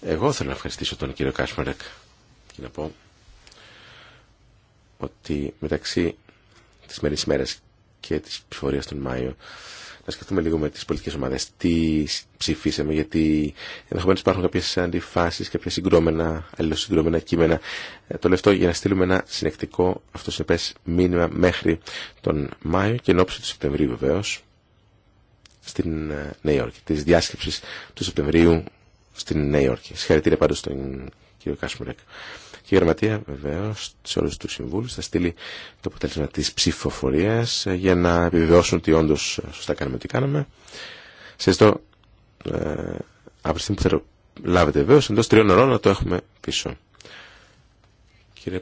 Εγώ θέλω να ευχαριστήσω τον κύριο Κάσμαρεκ και να πω ότι μεταξύ της μέρης ημέρας και της ψηφορίας τον Μάιο να σκεφτούμε λίγο με τις πολιτικές ομάδες τι ψηφίσαμε, γιατί ενδεχομένω υπάρχουν κάποιες αντιφάσεις, κάποια συγκρόμενα, αλληλοσυγκρόμενα κείμενα. Ε, το λεφτό για να στείλουμε ένα συνεκτικό αυτοσυνεπές μήνυμα μέχρι τον Μάιο και ενώψη του Σεπτεμβρίου βεβαίω στην ε, Νέα Υόρκη, της διάσκεψης του Σεπτεμβρίου στην Νέα Υόρκη. Συγχαρητήρια πάντως στον κύριο Κάσμουρεκ η Γραμματεία βεβαίω σε όλου του συμβούλου θα στείλει το αποτέλεσμα τη ψηφοφορία ε, για να επιβεβαιώσουν ότι όντω ε, σωστά κάναμε ό,τι κάναμε. Σε αυτό, ε, αύριο στιγμή που θα λάβετε βεβαίω, εντό τριών ωρών να το έχουμε πίσω. Κύριε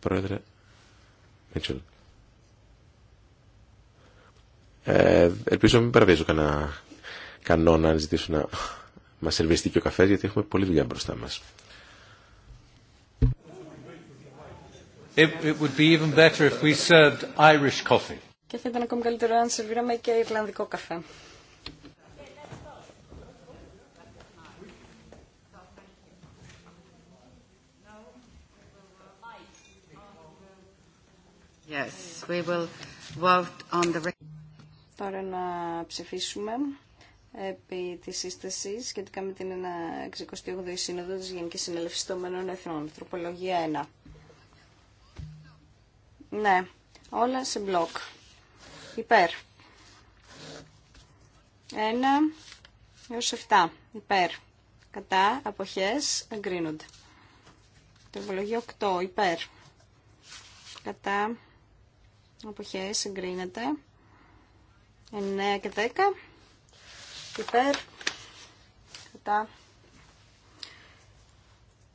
Πρόεδρε, Μίτσελ. ελπίζω να μην παραβιάζω κανένα κανόνα να ζητήσω να μα σερβιστεί και ο καφέ, γιατί έχουμε πολλή δουλειά μπροστά μα. It would be even better if we served Irish coffee. Και θα ήταν ακόμη καλύτερο αν σερβίραμε και Ιρλανδικό καφέ. Yes, we will on the... Τώρα να ψηφίσουμε επί τη σύσταση σχετικά με την 68η Σύνοδο της Γενική Συνελευσή των Εθνών. Τροπολογία 1. Ναι, όλα σε μπλοκ. Υπέρ. 1 έως 7. Υπέρ. Κατά, αποχές, εγκρίνονται. υπολογείο 8. Υπέρ. Κατά, αποχές, εγκρίνεται. 9 και 10. Υπέρ. Κατά.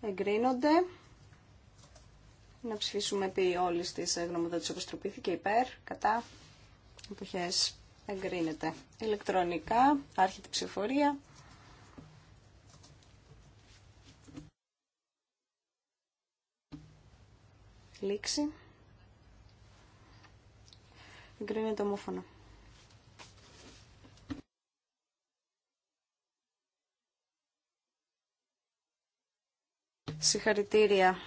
Εγκρίνονται να ψηφίσουμε επί όλοι τη γνωμοδότηση όπω τροπήθηκε υπέρ, κατά, εποχέ. εγκρίνεται. Ηλεκτρονικά, άρχεται η ψηφορία. Λήξη. Εγκρίνεται ομόφωνα. Συγχαρητήρια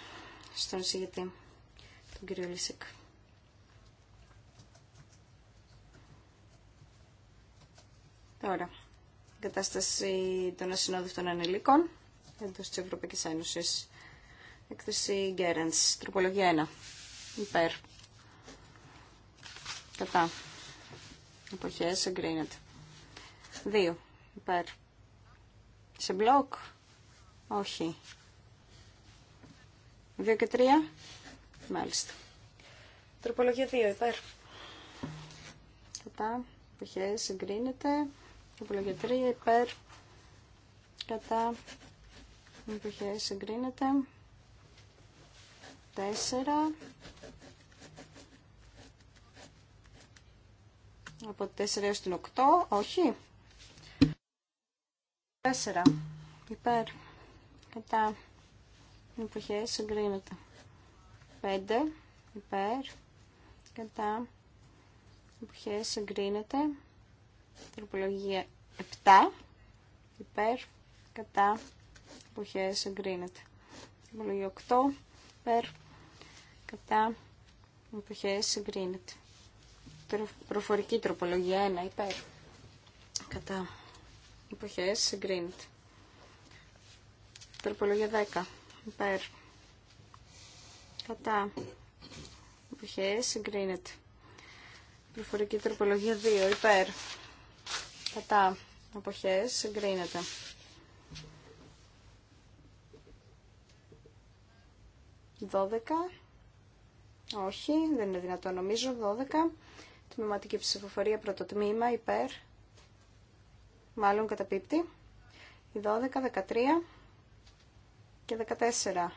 στον συγγετή, τον κύριο Λυσίκ. Τώρα, η κατάσταση των ασυνόδευτων ανηλίκων εντός της Ευρωπαϊκής Ένωσης. Έκθεση Γκέρενς, τροπολογία 1, υπέρ. Κατά. Εποχές εγκρίνεται. 2, υπέρ. Σε μπλοκ. Όχι. 2 και 3. Μάλιστα. Τροπολογία 2 υπέρ. Κατά. Εποχέ συγκρίνεται. Τροπολογία 3 υπέρ. Κατά. Εποχέ συγκρίνεται. 4. Από 4 έως την 8, όχι. 4. Υπέρ. Κατά εποχές συγκρίνεται. 5 υπέρ κατά εποχές εγκρίνεται. Τροπολογία 7 υπέρ κατά εποχές εγκρίνεται. Τροπολογία 8 υπέρ κατά εποχές εγκρίνεται. Προφορική τροπολογία 1 υπέρ κατά εποχές συγκρίνεται Τροπολογία 10 υπέρ κατά εποχές συγκρίνεται προφορική τροπολογία 2 υπέρ κατά εποχές συγκρίνεται Δώδεκα. Όχι, δεν είναι δυνατό νομίζω. Δώδεκα. Τμηματική ψηφοφορία πρώτο τμήμα υπέρ. Μάλλον καταπίπτει. 12, 13 και 14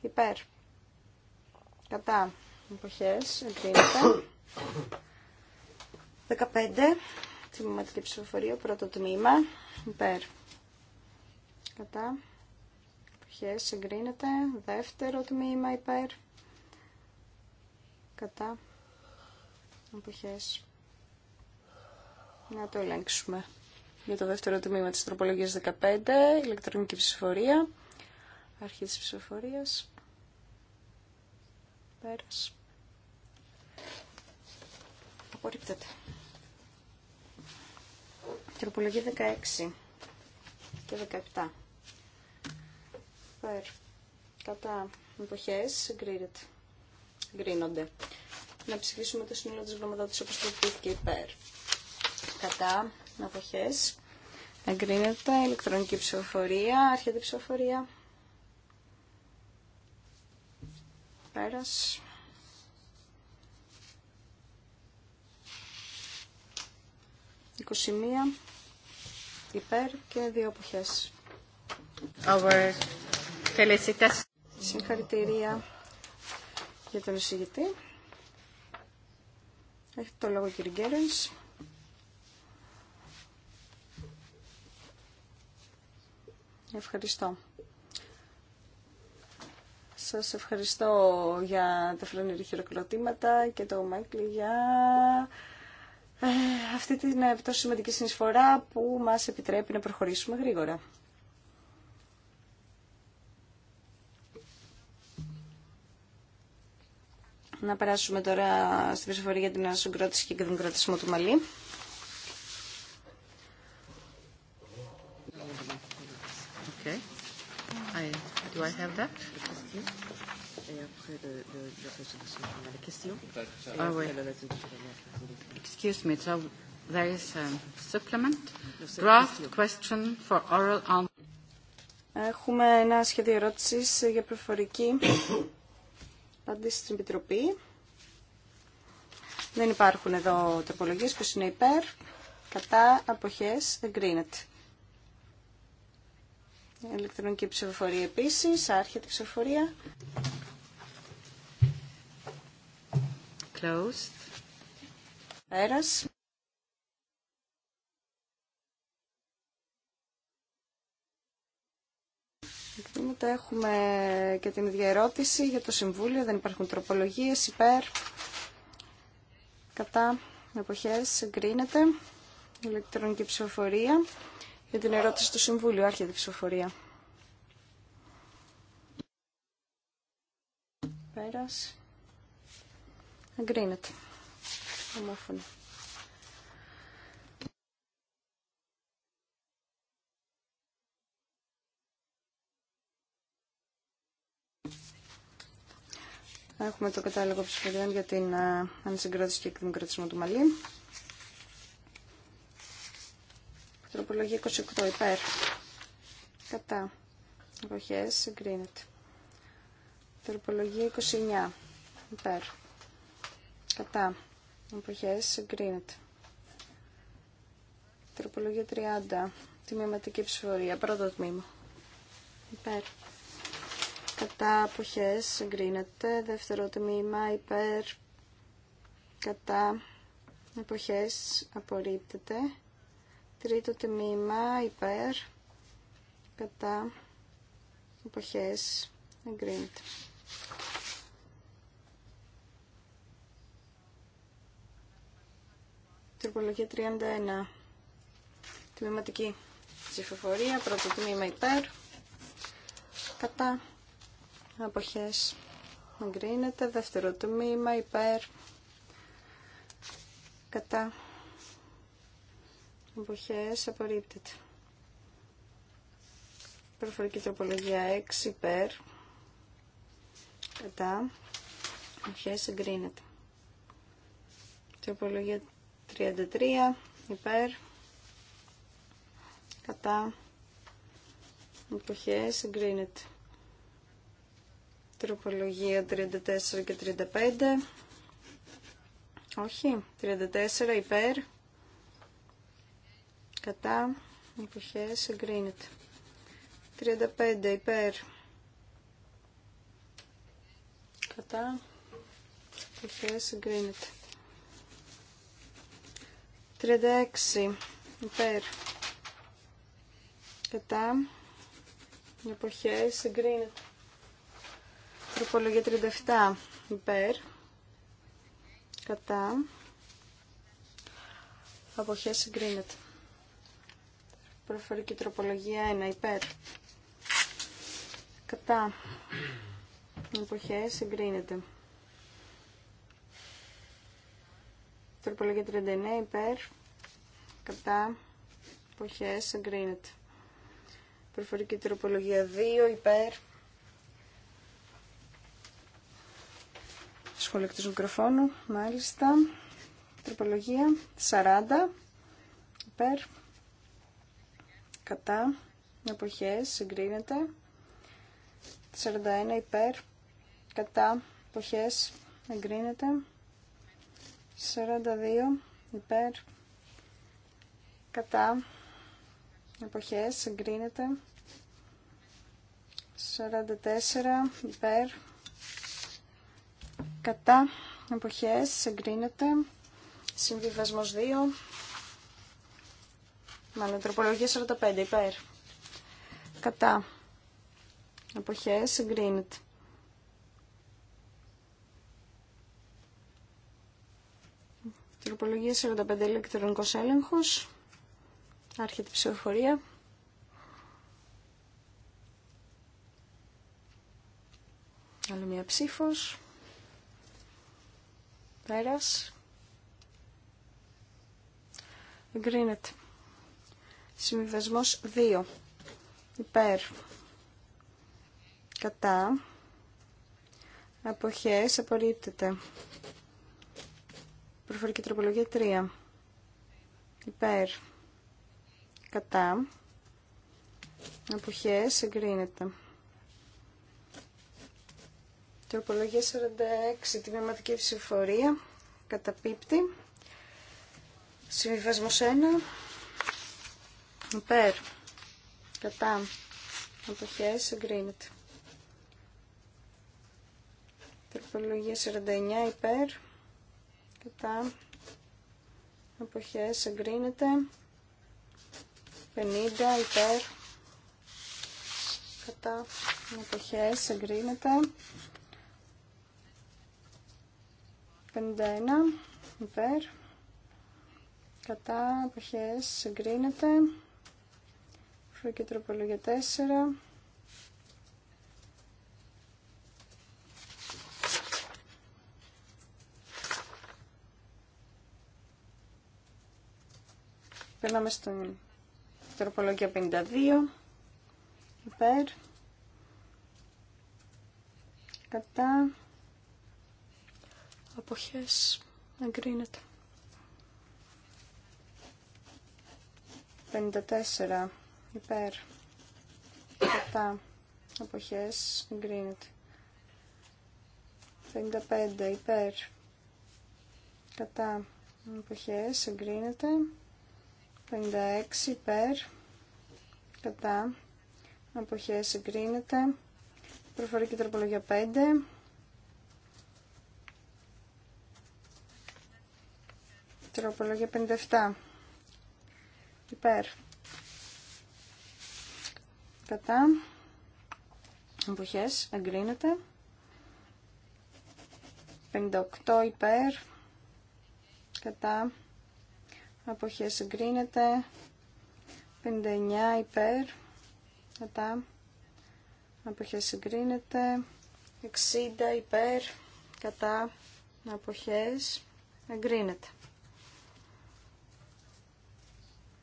υπέρ κατά εποχές εγκρίνεται 15 τιμωματική ψηφοφορία πρώτο τμήμα υπέρ κατά εποχές εγκρίνεται δεύτερο τμήμα υπέρ κατά εποχές να το ελέγξουμε για το δεύτερο τμήμα της τροπολογίας 15, ηλεκτρονική ψηφοφορία, αρχή της ψηφοφορίας, πέρας, απορρίπτεται. Τροπολογία 16 και 17. Πέρ. Κατά εποχές συγκρίνεται. Γκρίνονται. Να ψηφίσουμε το σύνολο της όπω όπως προηγήθηκε υπέρ. Κατά αποχές εγκρίνεται ηλεκτρονική ψηφοφορία άρχεται ψηφοφορία πέρας 21. υπέρ και δύο αποχές. Our... Συγχαρητήρια για τον εισηγητή. Έχετε το λόγο κύριε Γκέρενς. Ευχαριστώ. Σας ευχαριστώ για τα φρονήρη χειροκροτήματα και το Μάικλ για ε, αυτή την ε, τόσο σημαντική συνεισφορά που μας επιτρέπει να προχωρήσουμε γρήγορα. Να περάσουμε τώρα στην πληροφορία για την ανασυγκρότηση και τον κρατισμό του Μαλή. Do I have that Et après la question. Ah oui. Excuse me, so there is a supplement. Draft question for oral answer. Έχουμε ένα σχέδιο ερώτηση για προφορική απάντηση στην Επιτροπή. Δεν υπάρχουν εδώ τροπολογίε. που είναι υπέρ, κατά, αποχές, εγκρίνεται. Ηλεκτρονική ψηφοφορία επίσης. Άρχεται η ψηφοφορία. Closed. Αέρας. Μετά έχουμε και την ίδια ερώτηση για το Συμβούλιο. Δεν υπάρχουν τροπολογίες υπέρ, κατά, εποχές, εγκρίνεται, ηλεκτρονική ψηφοφορία για την ερώτηση του Συμβούλου. Άρχεται η ψηφοφορία. Πέρας. Εγκρίνεται. Ομόφωνο. Έχουμε το κατάλογο ψηφοφοριών για την ε, ανασυγκρότηση και εκδημοκρατισμό του Μαλή. Τροπολογία 28 υπέρ. Κατά. Εποχέ συγκρίνεται. Τροπολογία 29 υπέρ. Κατά. εποχέ, συγκρίνεται. Τροπολογία 30. Τμήματική ψηφορία. Πρώτο τμήμα. Υπέρ. Κατά εποχέ, συγκρίνεται. Δεύτερο τμήμα. Υπέρ. Κατά εποχές απορρίπτεται. Τρίτο τμήμα υπέρ κατά εποχές εγκρίνεται. Τροπολογία 31. Τμήματική ψηφοφορία. Πρώτο τμήμα υπέρ. Κατά. εποχές Εγκρίνεται. Δεύτερο τμήμα υπέρ. Κατά εποχές απορρίπτεται. Προφορική τροπολογία 6 υπέρ. Κατά. Εποχές εγκρίνεται. Τροπολογία 33 υπέρ. Κατά. Εποχές εγκρίνεται. Τροπολογία 34 και 35. Όχι. 34 υπέρ κατά εποχέ, συγκρίνεται. 35 υπέρ κατά εποχέ, συγκρίνεται. 36 υπέρ κατά εποχές εγκρίνεται τροπολογία 37 υπέρ κατά αποχές συγκρίνεται Προφορική τροπολογία 1 υπέρ. Κατά. Εποχές εγκρίνεται. Τροπολογία 39 υπέρ. Κατά. Εποχές εγκρίνεται. Προφορική τροπολογία 2 υπέρ. Σχόλιο εκτός μικροφώνου. Μάλιστα. Τροπολογία 40 υπέρ κατά εποχές συγκρίνεται 41 υπέρ κατά εποχές εγκρίνεται 42 υπέρ κατά εποχές εγκρίνεται 44 υπέρ κατά εποχές εγκρίνεται συμβιβασμός 2 Μάλλον τροπολογία 45 υπέρ. Κατά. Εποχές εγκρίνεται. Τροπολογία 45 ηλεκτρονικό έλεγχο Άρχεται η ψηφοφορία. Άλλο μία ψήφο. Πέρας. Εγκρίνεται. Συμβιβασμός 2. Υπέρ. Κατά. Αποχές απορρίπτεται. Προφορική τροπολογία 3. Υπέρ. Κατά. Αποχές εγκρίνεται. Τροπολογία 46. Την ψηφορία. Καταπίπτει. Συμβιβασμός 1 υπέρ, κατά, χέρι εγκρίνεται. Τροπολογία 49 υπέρ, κατά, χέρι εγκρίνεται. 50 υπέρ, κατά, χέρι συγκρίνεται. 51 υπέρ, κατά, χέρι συγκρίνεται και τροπολογία τέσσερα. Περνάμε στην τροπολογία 52. Υπέρ. Κατά. Αποχές. Εγκρίνεται. 54 υπέρ κατά εποχές, εγκρίνεται 55 υπέρ κατά εποχές, εγκρίνεται 56 υπέρ κατά εποχές, εγκρίνεται προφορική τροπολογία 5 τροπολογία 57 υπέρ κατά εποχές εγκρίνεται 58 υπέρ κατά αποχές, εγκρίνεται 59 υπέρ κατά αποχές, εγκρίνεται 60 υπέρ κατά εποχές εγκρίνεται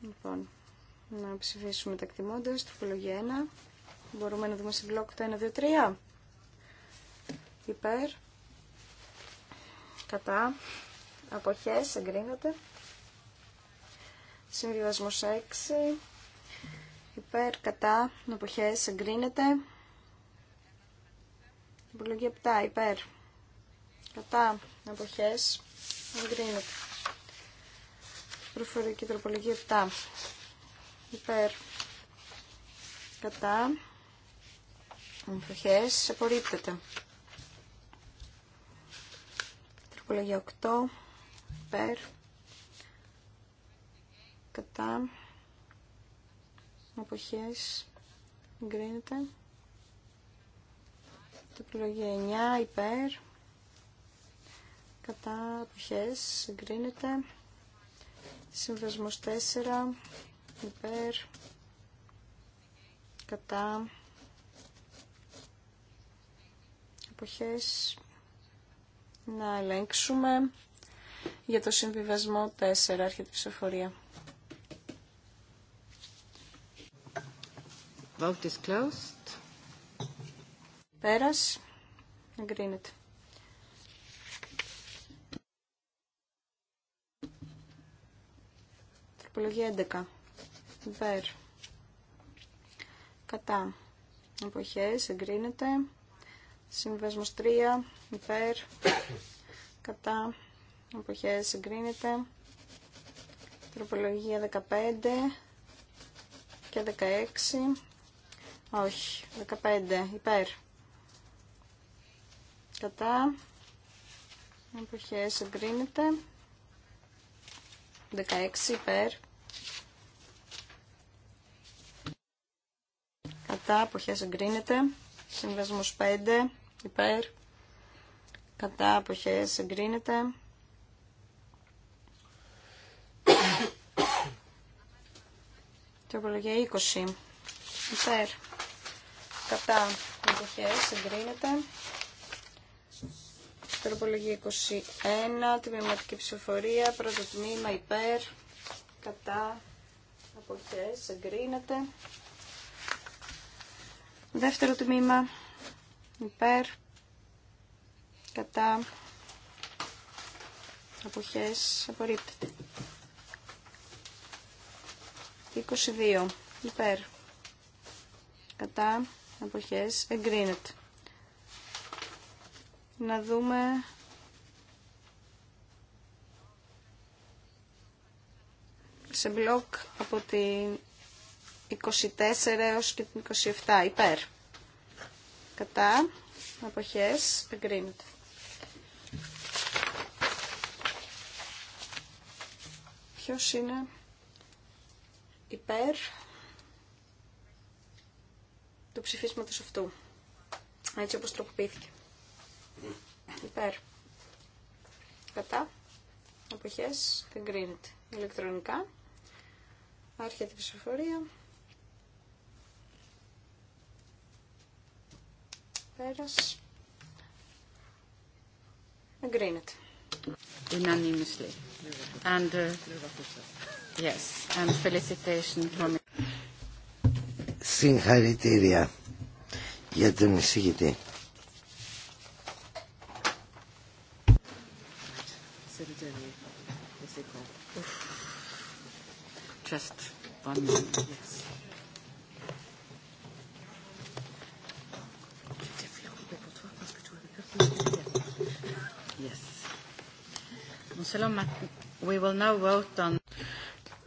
Λοιπόν, να ψηφίσουμε τα εκτιμώντα, τροπολογία 1. Μπορούμε να δούμε σε μπλοκ το 1, 2, 3. Υπέρ. Κατά. απόχέ, εγκρίνεται. Συμβιβασμό 6. Υπέρ, κατά, Αποχέ. εγκρίνεται. Τροπολογία 7, υπέρ. Κατά, Αποχέ. εγκρίνεται. Προφορική τροπολογία 7 υπέρ κατά εποχές απορρίπτεται τροπολογία 8 υπέρ κατά εποχές εγκρίνεται τροπολογία 9 υπέρ κατά εποχές εγκρίνεται συμβασμό 4 υπέρ κατά εποχές να ελέγξουμε για το συμβιβασμό 4 άρχεται η ψηφοφορία. Vote is closed. Πέρας. Εγκρίνεται. Τροπολογία 11 υπέρ κατά εποχές εγκρίνεται συμβασμός 3 υπέρ κατά εποχές εγκρίνεται τροπολογία 15 και 16 όχι 15 υπέρ κατά εποχές εγκρίνεται 16 υπέρ κατά αποχές εγκρίνεται. Συμβασμός 5 υπέρ κατά απόχέ εγκρίνεται. Τροπολογία 20 υπέρ κατά απόχέ εγκρίνεται. Τροπολογία 21, τμήματική ψηφοφορία, πρώτο τμήμα υπέρ, κατά, απόχέ, εγκρίνεται. Δεύτερο τμήμα υπέρ κατά αποχές απορρίπτεται. 22 υπέρ κατά αποχές εγκρίνεται. Να δούμε σε μπλοκ από την 24 έως και την 27 υπέρ. Κατά αποχές εγκρίνεται. Ποιος είναι υπέρ του ψηφίσματος αυτού. Έτσι όπως τροποποιήθηκε. Υπέρ. Κατά. Αποχές εγκρίνεται. Ηλεκτρονικά. Άρχεται η ψηφοφορία. Πέρας. Εγκρίνεται. Unanimously. And, uh, yes, and felicitation from... Συγχαρητήρια για τον εισηγητή.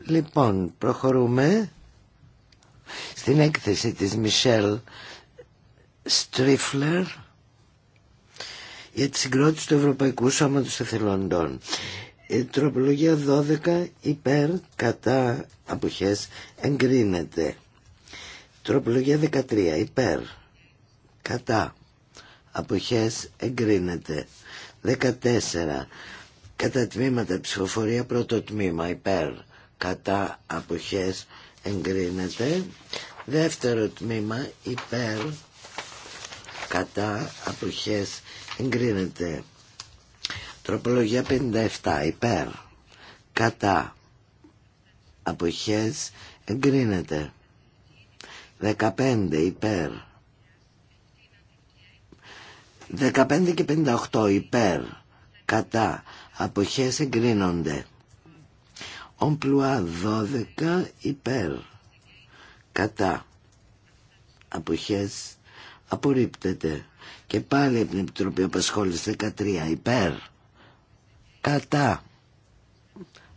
Λοιπόν, προχωρούμε στην έκθεση της Μισελ Στρίφλερ για τη συγκρότηση του Ευρωπαϊκού Σώματος Εθελοντών. Η τροπολογία 12 υπέρ κατά αποχές εγκρίνεται. Τροπολογία 13 υπέρ κατά αποχές εγκρίνεται. 14 Κατά τμήματα ψηφοφορία πρώτο τμήμα υπέρ κατά αποχές εγκρίνεται. Δεύτερο τμήμα υπέρ κατά αποχές εγκρίνεται. Τροπολογία 57 υπέρ κατά αποχές εγκρίνεται. 15 υπέρ. 15 και 58 υπέρ κατά αποχές εγκρίνονται. Ομπλουά 12 υπέρ κατά αποχές απορρίπτεται. Και πάλι από την Επιτροπή Απασχόλησης 13 υπέρ κατά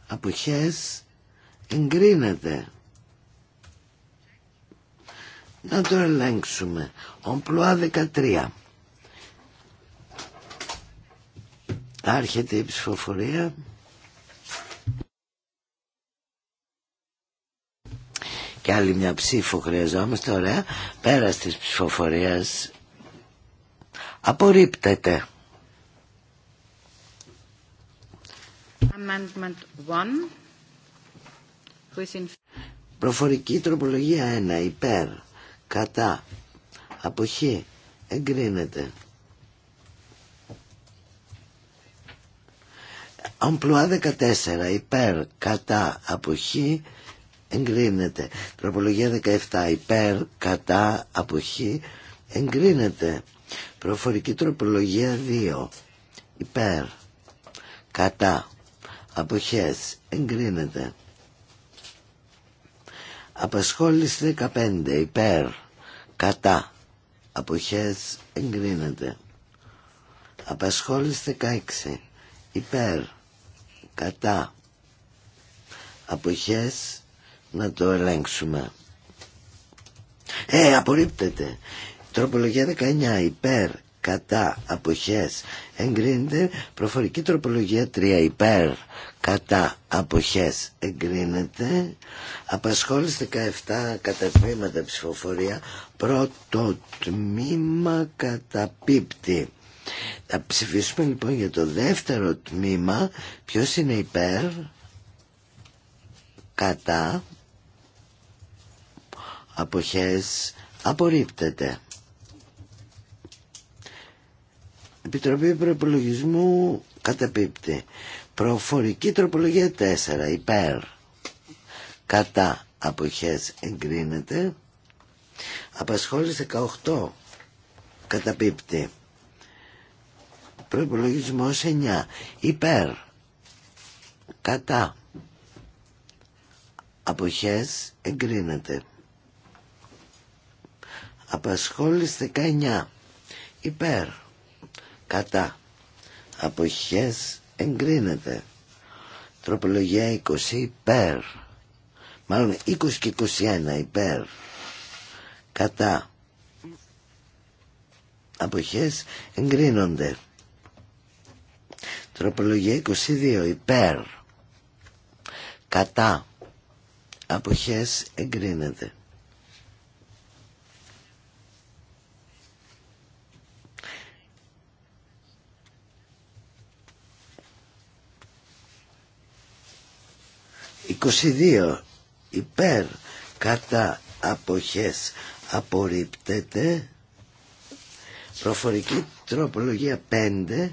αποχές εγκρίνεται. Να το ελέγξουμε. Ομπλουά 13. Άρχεται η ψηφοφορία. Και άλλη μια ψήφο χρειαζόμαστε, ωραία. Πέρα της ψηφοφορίας απορρίπτεται. Amendment 1. Προφορική τροπολογία 1. Υπέρ. Κατά. Αποχή. Εγκρίνεται. Αμπλουά 14 υπέρ κατά αποχή εγκρίνεται. Τροπολογία 17 υπέρ κατά αποχή εγκρίνεται. Προφορική τροπολογία 2 υπέρ κατά Αποχέ. εγκρίνεται. Απασχόληση 15 υπέρ κατά Αποχέ, εγκρίνεται. Απασχόληση 16 υπέρ κατά αποχές να το ελέγξουμε ε απορρίπτεται τροπολογία 19 υπέρ κατά αποχές εγκρίνεται προφορική τροπολογία 3 υπέρ κατά αποχές εγκρίνεται απασχόληση 17 κατά τμήματα ψηφοφορία πρώτο τμήμα καταπίπτει θα ψηφίσουμε λοιπόν για το δεύτερο τμήμα. Ποιος είναι υπέρ, κατά, αποχές, απορρίπτεται. Επιτροπή Προπολογισμού καταπίπτει. Προφορική τροπολογία 4. Υπέρ. Κατά αποχές εγκρίνεται. Απασχόληση 18. Καταπίπτει. Προπολογισμό, 9. Υπέρ. Κατά. Αποχέ εγκρίνεται. Απασχόληση 19. Υπέρ. Κατά. Αποχέ. εγκρίνεται. Τροπολογία 20 υπέρ. Μάλλον 20 και 21 υπέρ. Κατά. Αποχές εγκρίνονται. Τροπολογία 22 υπέρ. Κατά. Αποχές εγκρίνεται. «22 υπέρ κατά αποχές απορρίπτεται προφορική τροπολογία 5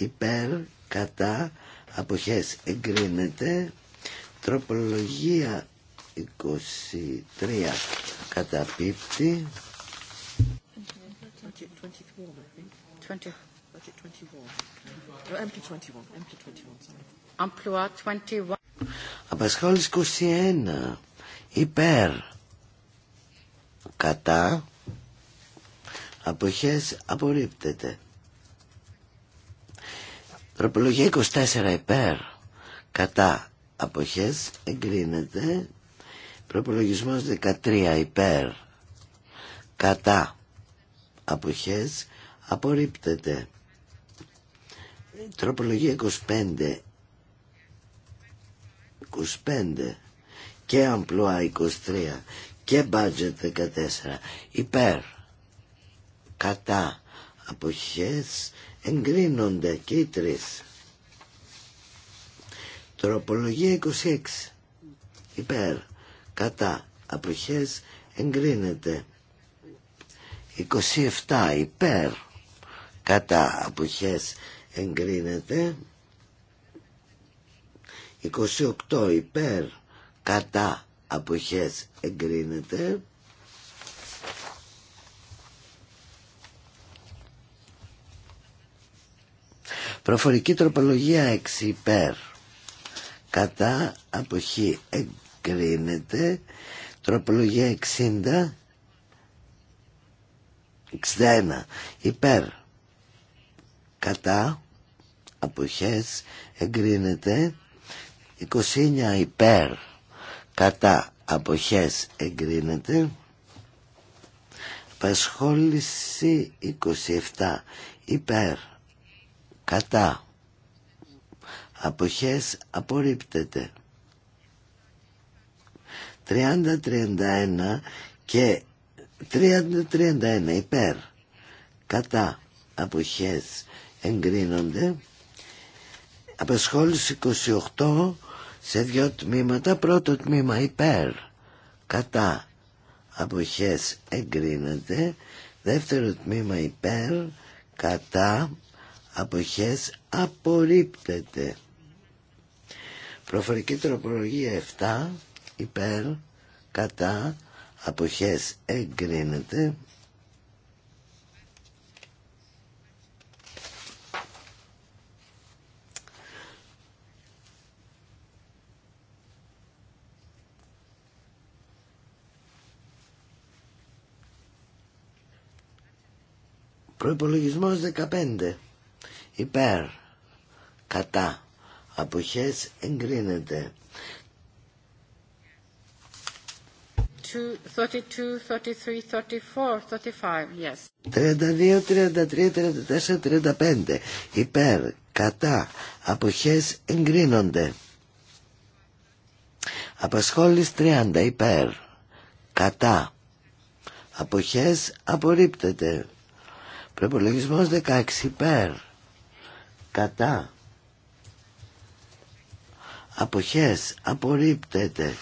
υπέρ κατά αποχές εγκρίνεται τροπολογία 23 καταπίπτει Απασχόλης 21. Απασχόληση 21 υπέρ κατά αποχές απορρίπτεται Τροπολογία 24 υπέρ κατά αποχές εγκρίνεται. Προπολογισμός 13 υπέρ κατά αποχές απορρίπτεται. Τροπολογία 25 25 και αμπλουά 23 και budget 14 υπέρ κατά αποχές εγκρίνονται και οι τρεις. Τροπολογία 26 υπέρ κατά αποχές εγκρίνεται 27 υπέρ κατά αποχές εγκρίνεται 28 υπέρ κατά αποχές εγκρίνεται Προφορική τροπολογία 6 υπέρ. Κατά αποχή εγκρίνεται. Τροπολογία 60. 61 υπέρ. Κατά αποχές εγκρίνεται. 29 υπέρ. Κατά αποχές εγκρίνεται. Πασχόληση 27 υπέρ κατά αποχές απορρίπτεται 30-31 και 30-31 υπέρ κατά αποχές εγκρίνονται απασχόληση 28 σε δύο τμήματα πρώτο τμήμα υπέρ κατά αποχές εγκρίνεται δεύτερο τμήμα υπέρ κατά αποχές απορρίπτεται. Προφορική τροπολογία 7 υπέρ κατά αποχές εγκρίνεται. Προϋπολογισμός 15 υπέρ κατά αποχές εγκρίνεται 32, 33, 34, 35, yes. υπέρ, κατά, αποχές εγκρίνονται. Απασχόλης 30 υπέρ, κατά, αποχές απορρίπτεται. Προπολογισμός 16 υπέρ, κατά αποχές απορρίπτεται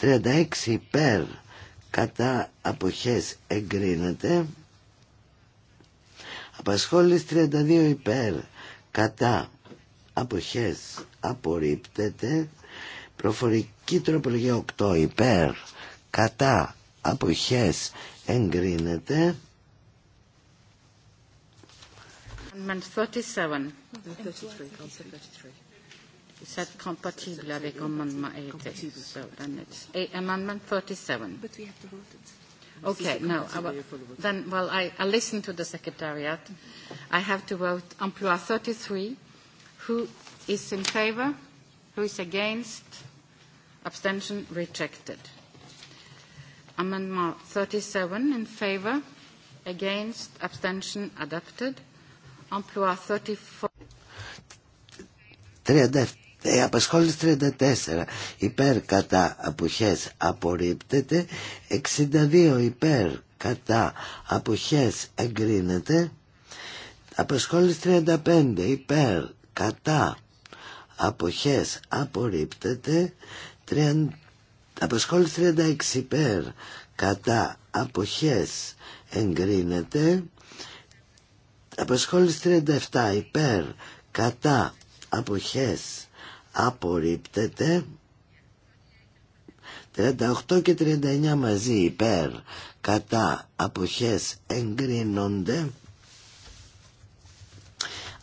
36 υπέρ κατά αποχές εγκρίνεται απασχόλης 32 υπέρ κατά αποχές απορρίπτεται προφορική τροπολογία 8 υπέρ κατά αποχές εγκρίνεται Amendment 37. Is that compatible with Amendment 80? So then it's Amendment 37. But we have to vote it. Okay, no. Then, well, I listen to the Secretariat. I have to vote Emploi 33. Who is in favor? Who is against? Abstention rejected. Amendment 37 in favor. Against. Abstention adopted. 37 34. Ε, απασχόληση 34 υπέρ κατά αποχές απορρίπτεται 62 υπέρ κατά αποχές εγκρίνεται απασχόληση 35 υπέρ κατά αποχές απορρίπτεται απασχόληση 36 υπέρ κατά αποχές εγκρίνεται Απασχόληση 37 υπέρ κατά αποχές απορρίπτεται 38 και 39 μαζί υπέρ κατά αποχές εγκρίνονται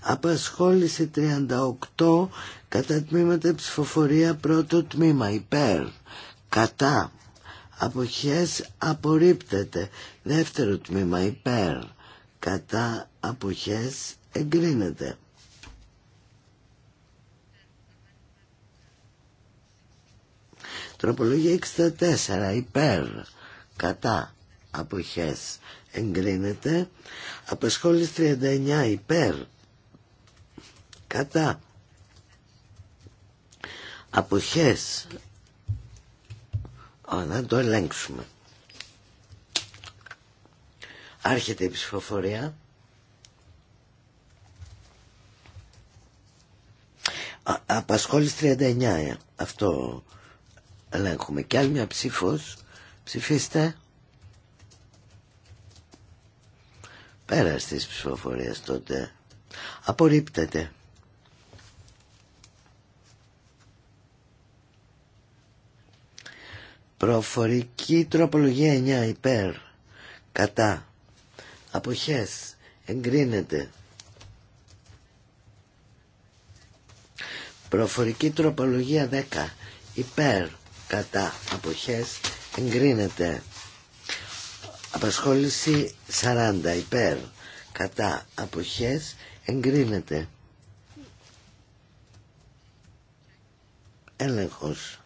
Απασχόληση 38 κατά τμήματα ψηφοφορία πρώτο τμήμα υπέρ κατά αποχές απορρίπτεται δεύτερο τμήμα υπέρ κατά αποχές εγκρίνεται. Τροπολογία 64 υπέρ κατά αποχές εγκρίνεται. Απασχόληση 39 υπέρ κατά αποχές. να το ελέγξουμε. Άρχεται η ψηφοφορία. Α, 39. Ε, αυτό ελέγχουμε. Και άλλη μια ψήφος. Ψηφίστε. Πέρα στις ψηφοφορίες τότε. Απορρίπτεται. Προφορική τροπολογία 9 υπέρ. Κατά αποχές εγκρίνεται προφορική τροπολογία 10 υπέρ κατά αποχές εγκρίνεται απασχόληση 40 υπέρ κατά αποχές εγκρίνεται έλεγχος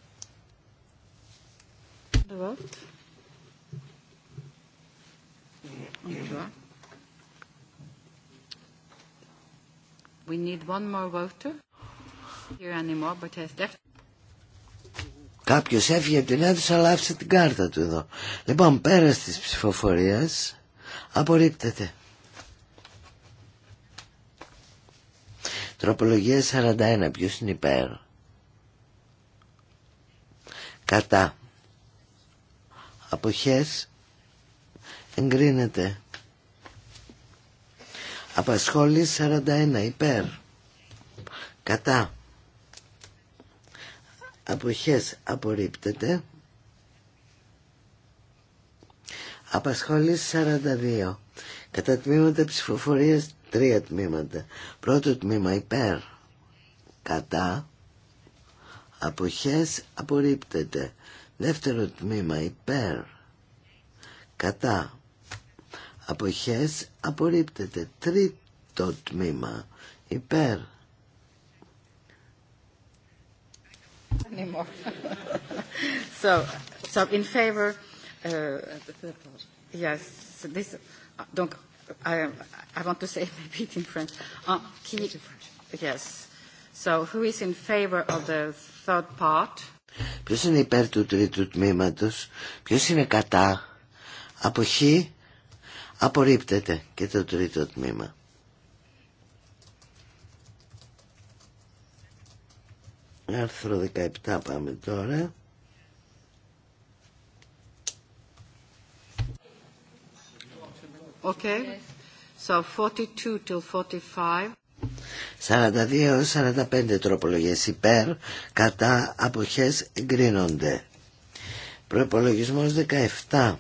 Κάποιο Κάποιος έφυγε από την αίθουσα αλλά άφησε την κάρτα του εδώ. Λοιπόν, πέρα τη ψηφοφορία απορρίπτεται. Τροπολογία 41. Ποιος είναι υπέρ. Κατά. Αποχές εγκρίνεται. Απασχόλη 41 υπέρ. Κατά. Αποχές απορρίπτεται. Απασχόλη 42. Κατά τμήματα ψηφοφορίας τρία τμήματα. Πρώτο τμήμα υπέρ. Κατά. Αποχές απορρίπτεται. Δεύτερο τμήμα υπέρ. Κατά αποχές απορρίπτεται τρίτο τμήμα υπέρ anymore. so, so in favor, uh, yes, so this, donc, I, I want to say maybe in French. Uh, qui, yes. So who is in favor of the third part? Ποιος είναι υπέρ του τρίτου τμήματος, ποιος είναι κατά, αποχή, Απορρίπτεται και το τρίτο τμήμα. Άρθρο 17 πάμε τώρα. Okay. So 42 till 45. 42-45 τροπολογίες υπέρ, κατά αποχές εγκρίνονται. Προπολογισμός 17.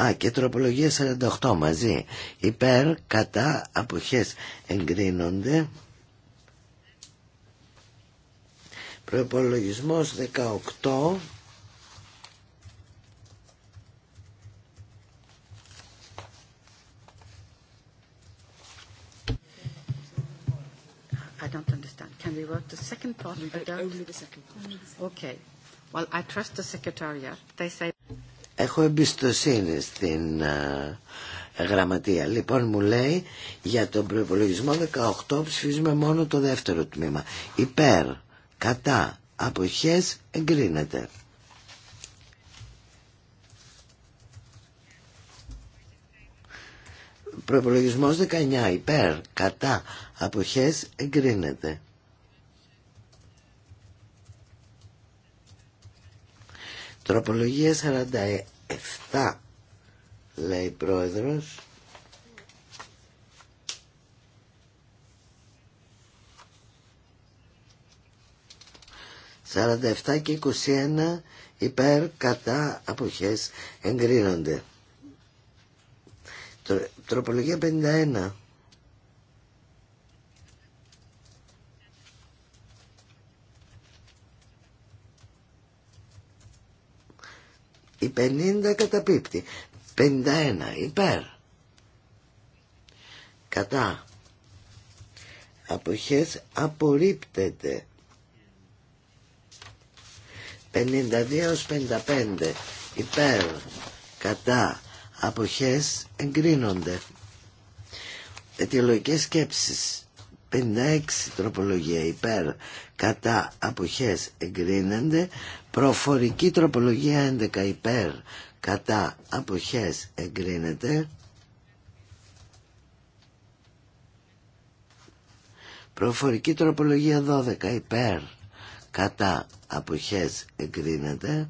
Α, και τροπολογία 48 μαζί. Υπέρ, κατά, αποχές εγκρίνονται. Προπολογισμός 18. I don't understand. Can we work the second part? Only the second part. Okay. Well, I trust the Secretariat. They say Έχω εμπιστοσύνη στην ε, γραμματεία. Λοιπόν μου λέει για τον προπολογισμό 18 ψηφίζουμε μόνο το δεύτερο τμήμα. Υπέρ, κατά, αποχές εγκρίνεται. Προπολογισμό 19 υπέρ, κατά, αποχές εγκρίνεται. Τροπολογία 7 λέει πρόεδρος «47 και 21 υπέρ κατά αποχές εγκρίνονται». Τροπολογία 51. Η 50 καταπίπτει. 51 υπέρ. Κατά. Αποχές απορρίπτεται. 52 ως 55 υπέρ. Κατά. Αποχές εγκρίνονται. Αιτιολογικές σκέψεις. 56 τροπολογία υπέρ κατά αποχές εγκρίνονται Προφορική τροπολογία 11 υπέρ κατά αποχές εγκρίνεται. Προφορική τροπολογία 12 υπέρ κατά αποχές εγκρίνεται.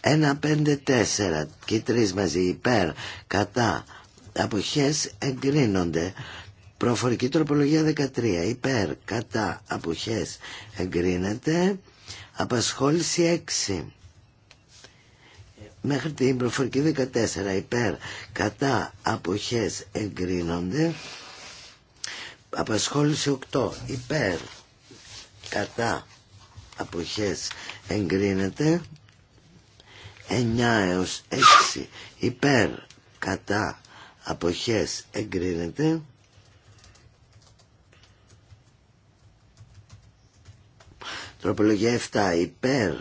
Ένα πέντε τέσσερα και τρεις μαζί υπέρ κατά αποχές εγκρίνονται. Προφορική τροπολογία 13. Υπέρ, κατά, αποχές, εγκρίνεται. Απασχόληση 6. Μέχρι την προφορική 14. Υπέρ, κατά, αποχές, εγκρίνονται. Απασχόληση 8. Υπέρ, κατά, αποχές, εγκρίνεται. 9 έως 6. Υπέρ, κατά, αποχές, εγκρίνεται. Τροπολογία 7 υπέρ.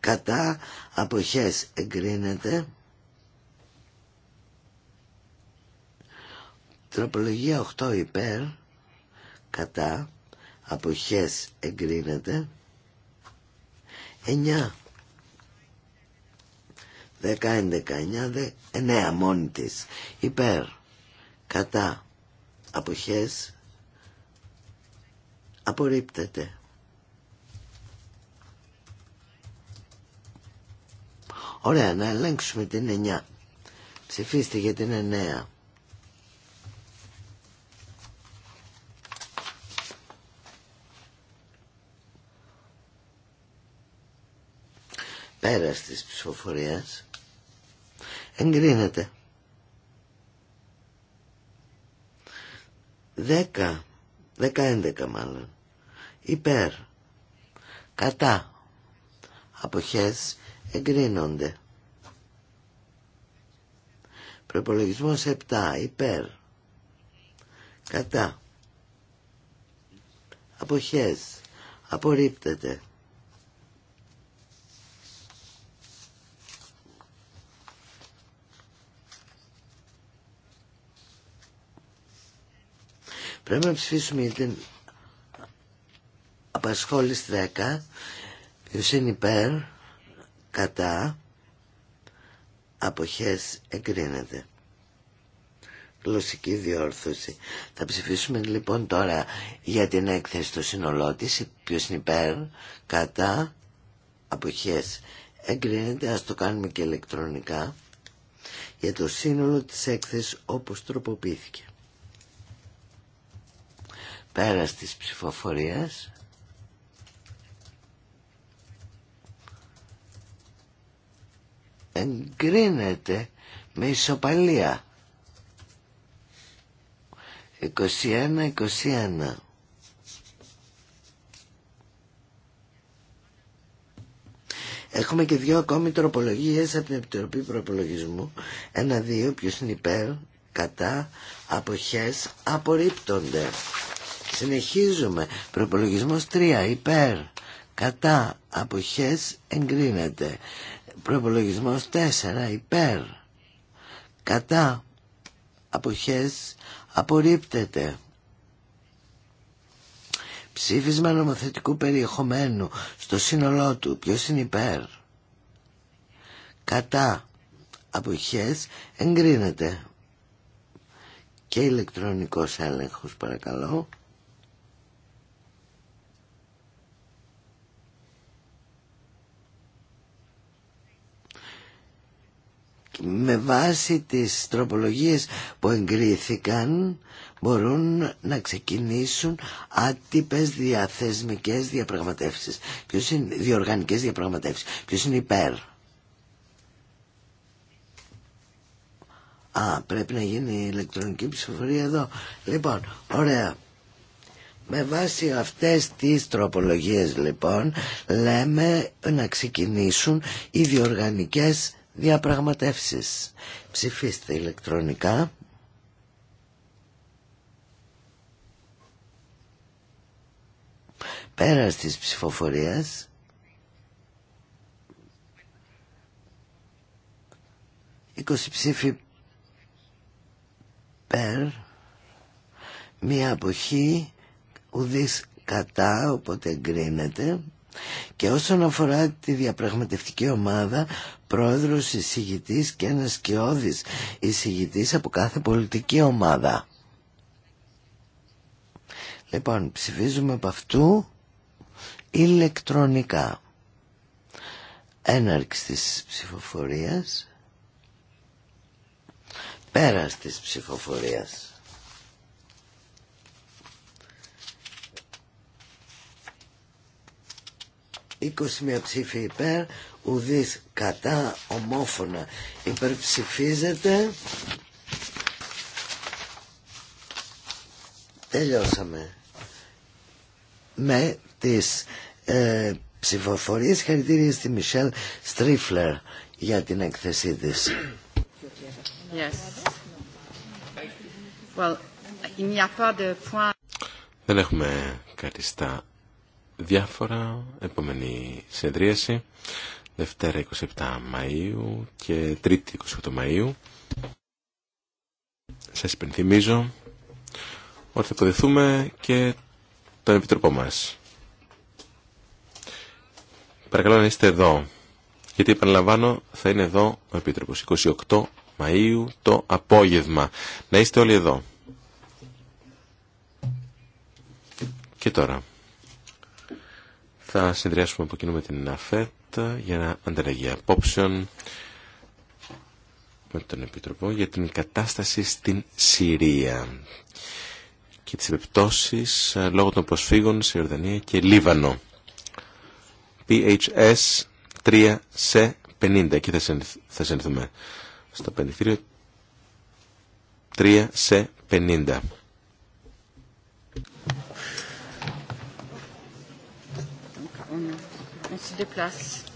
Κατά αποχές εγκρίνεται. Τροπολογία 8 υπέρ. Κατά αποχές εγκρίνεται. 9. 10, 11, 9, 9 μόνη της. Υπέρ. Κατά αποχές απορρίπτεται. Ωραία, να ελέγξουμε την 9. Ψηφίστε για την 9. Πέρας της ψηφοφορίας εγκρίνεται. δέκα, δέκα έντεκα μάλλον, υπέρ, κατά, αποχές εγκρίνονται. Προπολογισμός επτά, υπέρ, κατά, αποχές απορρίπτεται. Πρέπει να ψηφίσουμε για την απασχόληση 10. ποιο είναι υπέρ, κατά, αποχές εγκρίνεται. Γλωσσική διόρθωση. Θα ψηφίσουμε λοιπόν τώρα για την έκθεση στο σύνολό τη Ποιο είναι υπέρ, κατά, αποχές εγκρίνεται. Ας το κάνουμε και ηλεκτρονικά για το σύνολο της έκθεσης όπως τροποποιήθηκε. Πέρας της ψηφοφορίας. Εγκρίνεται με ισοπαλία. 21-21. Έχουμε και δύο ακόμη τροπολογίες από την Επιτροπή Προπολογισμού. Ένα-δύο, ποιος είναι υπέρ, κατά, αποχές, απορρίπτονται. Συνεχίζουμε. Προπολογισμό 3 υπέρ. Κατά αποχές εγκρίνεται. Προπολογισμό 4 υπέρ. Κατά αποχές απορρίπτεται. Ψήφισμα νομοθετικού περιεχομένου στο σύνολό του. Ποιος είναι υπέρ. Κατά αποχές εγκρίνεται. Και ηλεκτρονικός έλεγχος παρακαλώ. με βάση τις τροπολογίες που εγκρίθηκαν μπορούν να ξεκινήσουν άτυπες διαθεσμικές διαπραγματεύσεις. Ποιος είναι, διοργανικές διαπραγματεύσεις. Ποιος είναι υπέρ. Α, πρέπει να γίνει η ηλεκτρονική ψηφοφορία εδώ. Λοιπόν, ωραία. Με βάση αυτές τις τροπολογίες λοιπόν λέμε να ξεκινήσουν οι διοργανικές διαπραγματεύσεις. Ψηφίστε ηλεκτρονικά. Πέρας της ψηφοφορίας είκοσι ψήφοι περ μία αποχή ουδής κατά οπότε εγκρίνεται και όσον αφορά τη διαπραγματευτική ομάδα πρόεδρος εισηγητής και ένας σκιώδης εισηγητής από κάθε πολιτική ομάδα. Λοιπόν, ψηφίζουμε από αυτού ηλεκτρονικά. Έναρξη της ψηφοφορίας. Πέρας της ψηφοφορίας. μία ψήφοι υπέρ, ουδής κατά ομόφωνα υπερψηφίζεται τελειώσαμε με τις ε, ψηφοφορίες χαρητήρια στη Μισελ Στρίφλερ για την έκθεσή της yes. well, δεν έχουμε κάτι στα διάφορα επόμενη συνεδρίαση Δευτέρα 27 Μαΐου και Τρίτη 28 Μαΐου. Σας υπενθυμίζω ότι θα αποδεθούμε και τον Επιτροπό μας. Παρακαλώ να είστε εδώ, γιατί επαναλαμβάνω θα είναι εδώ ο Επίτροπος 28 Μαΐου το απόγευμα. Να είστε όλοι εδώ. Και τώρα θα συνδυάσουμε από κοινού με την ΑΦΕΤ για ανταλλαγή απόψεων με τον Επιτροπό για την κατάσταση στην Συρία και τις επιπτώσεις ε, λόγω των προσφύγων σε Ιορδανία και Λίβανο. PHS 3 σε 50. Εκεί θα συνηθούμε. Στο πενηθήριο 3 σε 50. de place.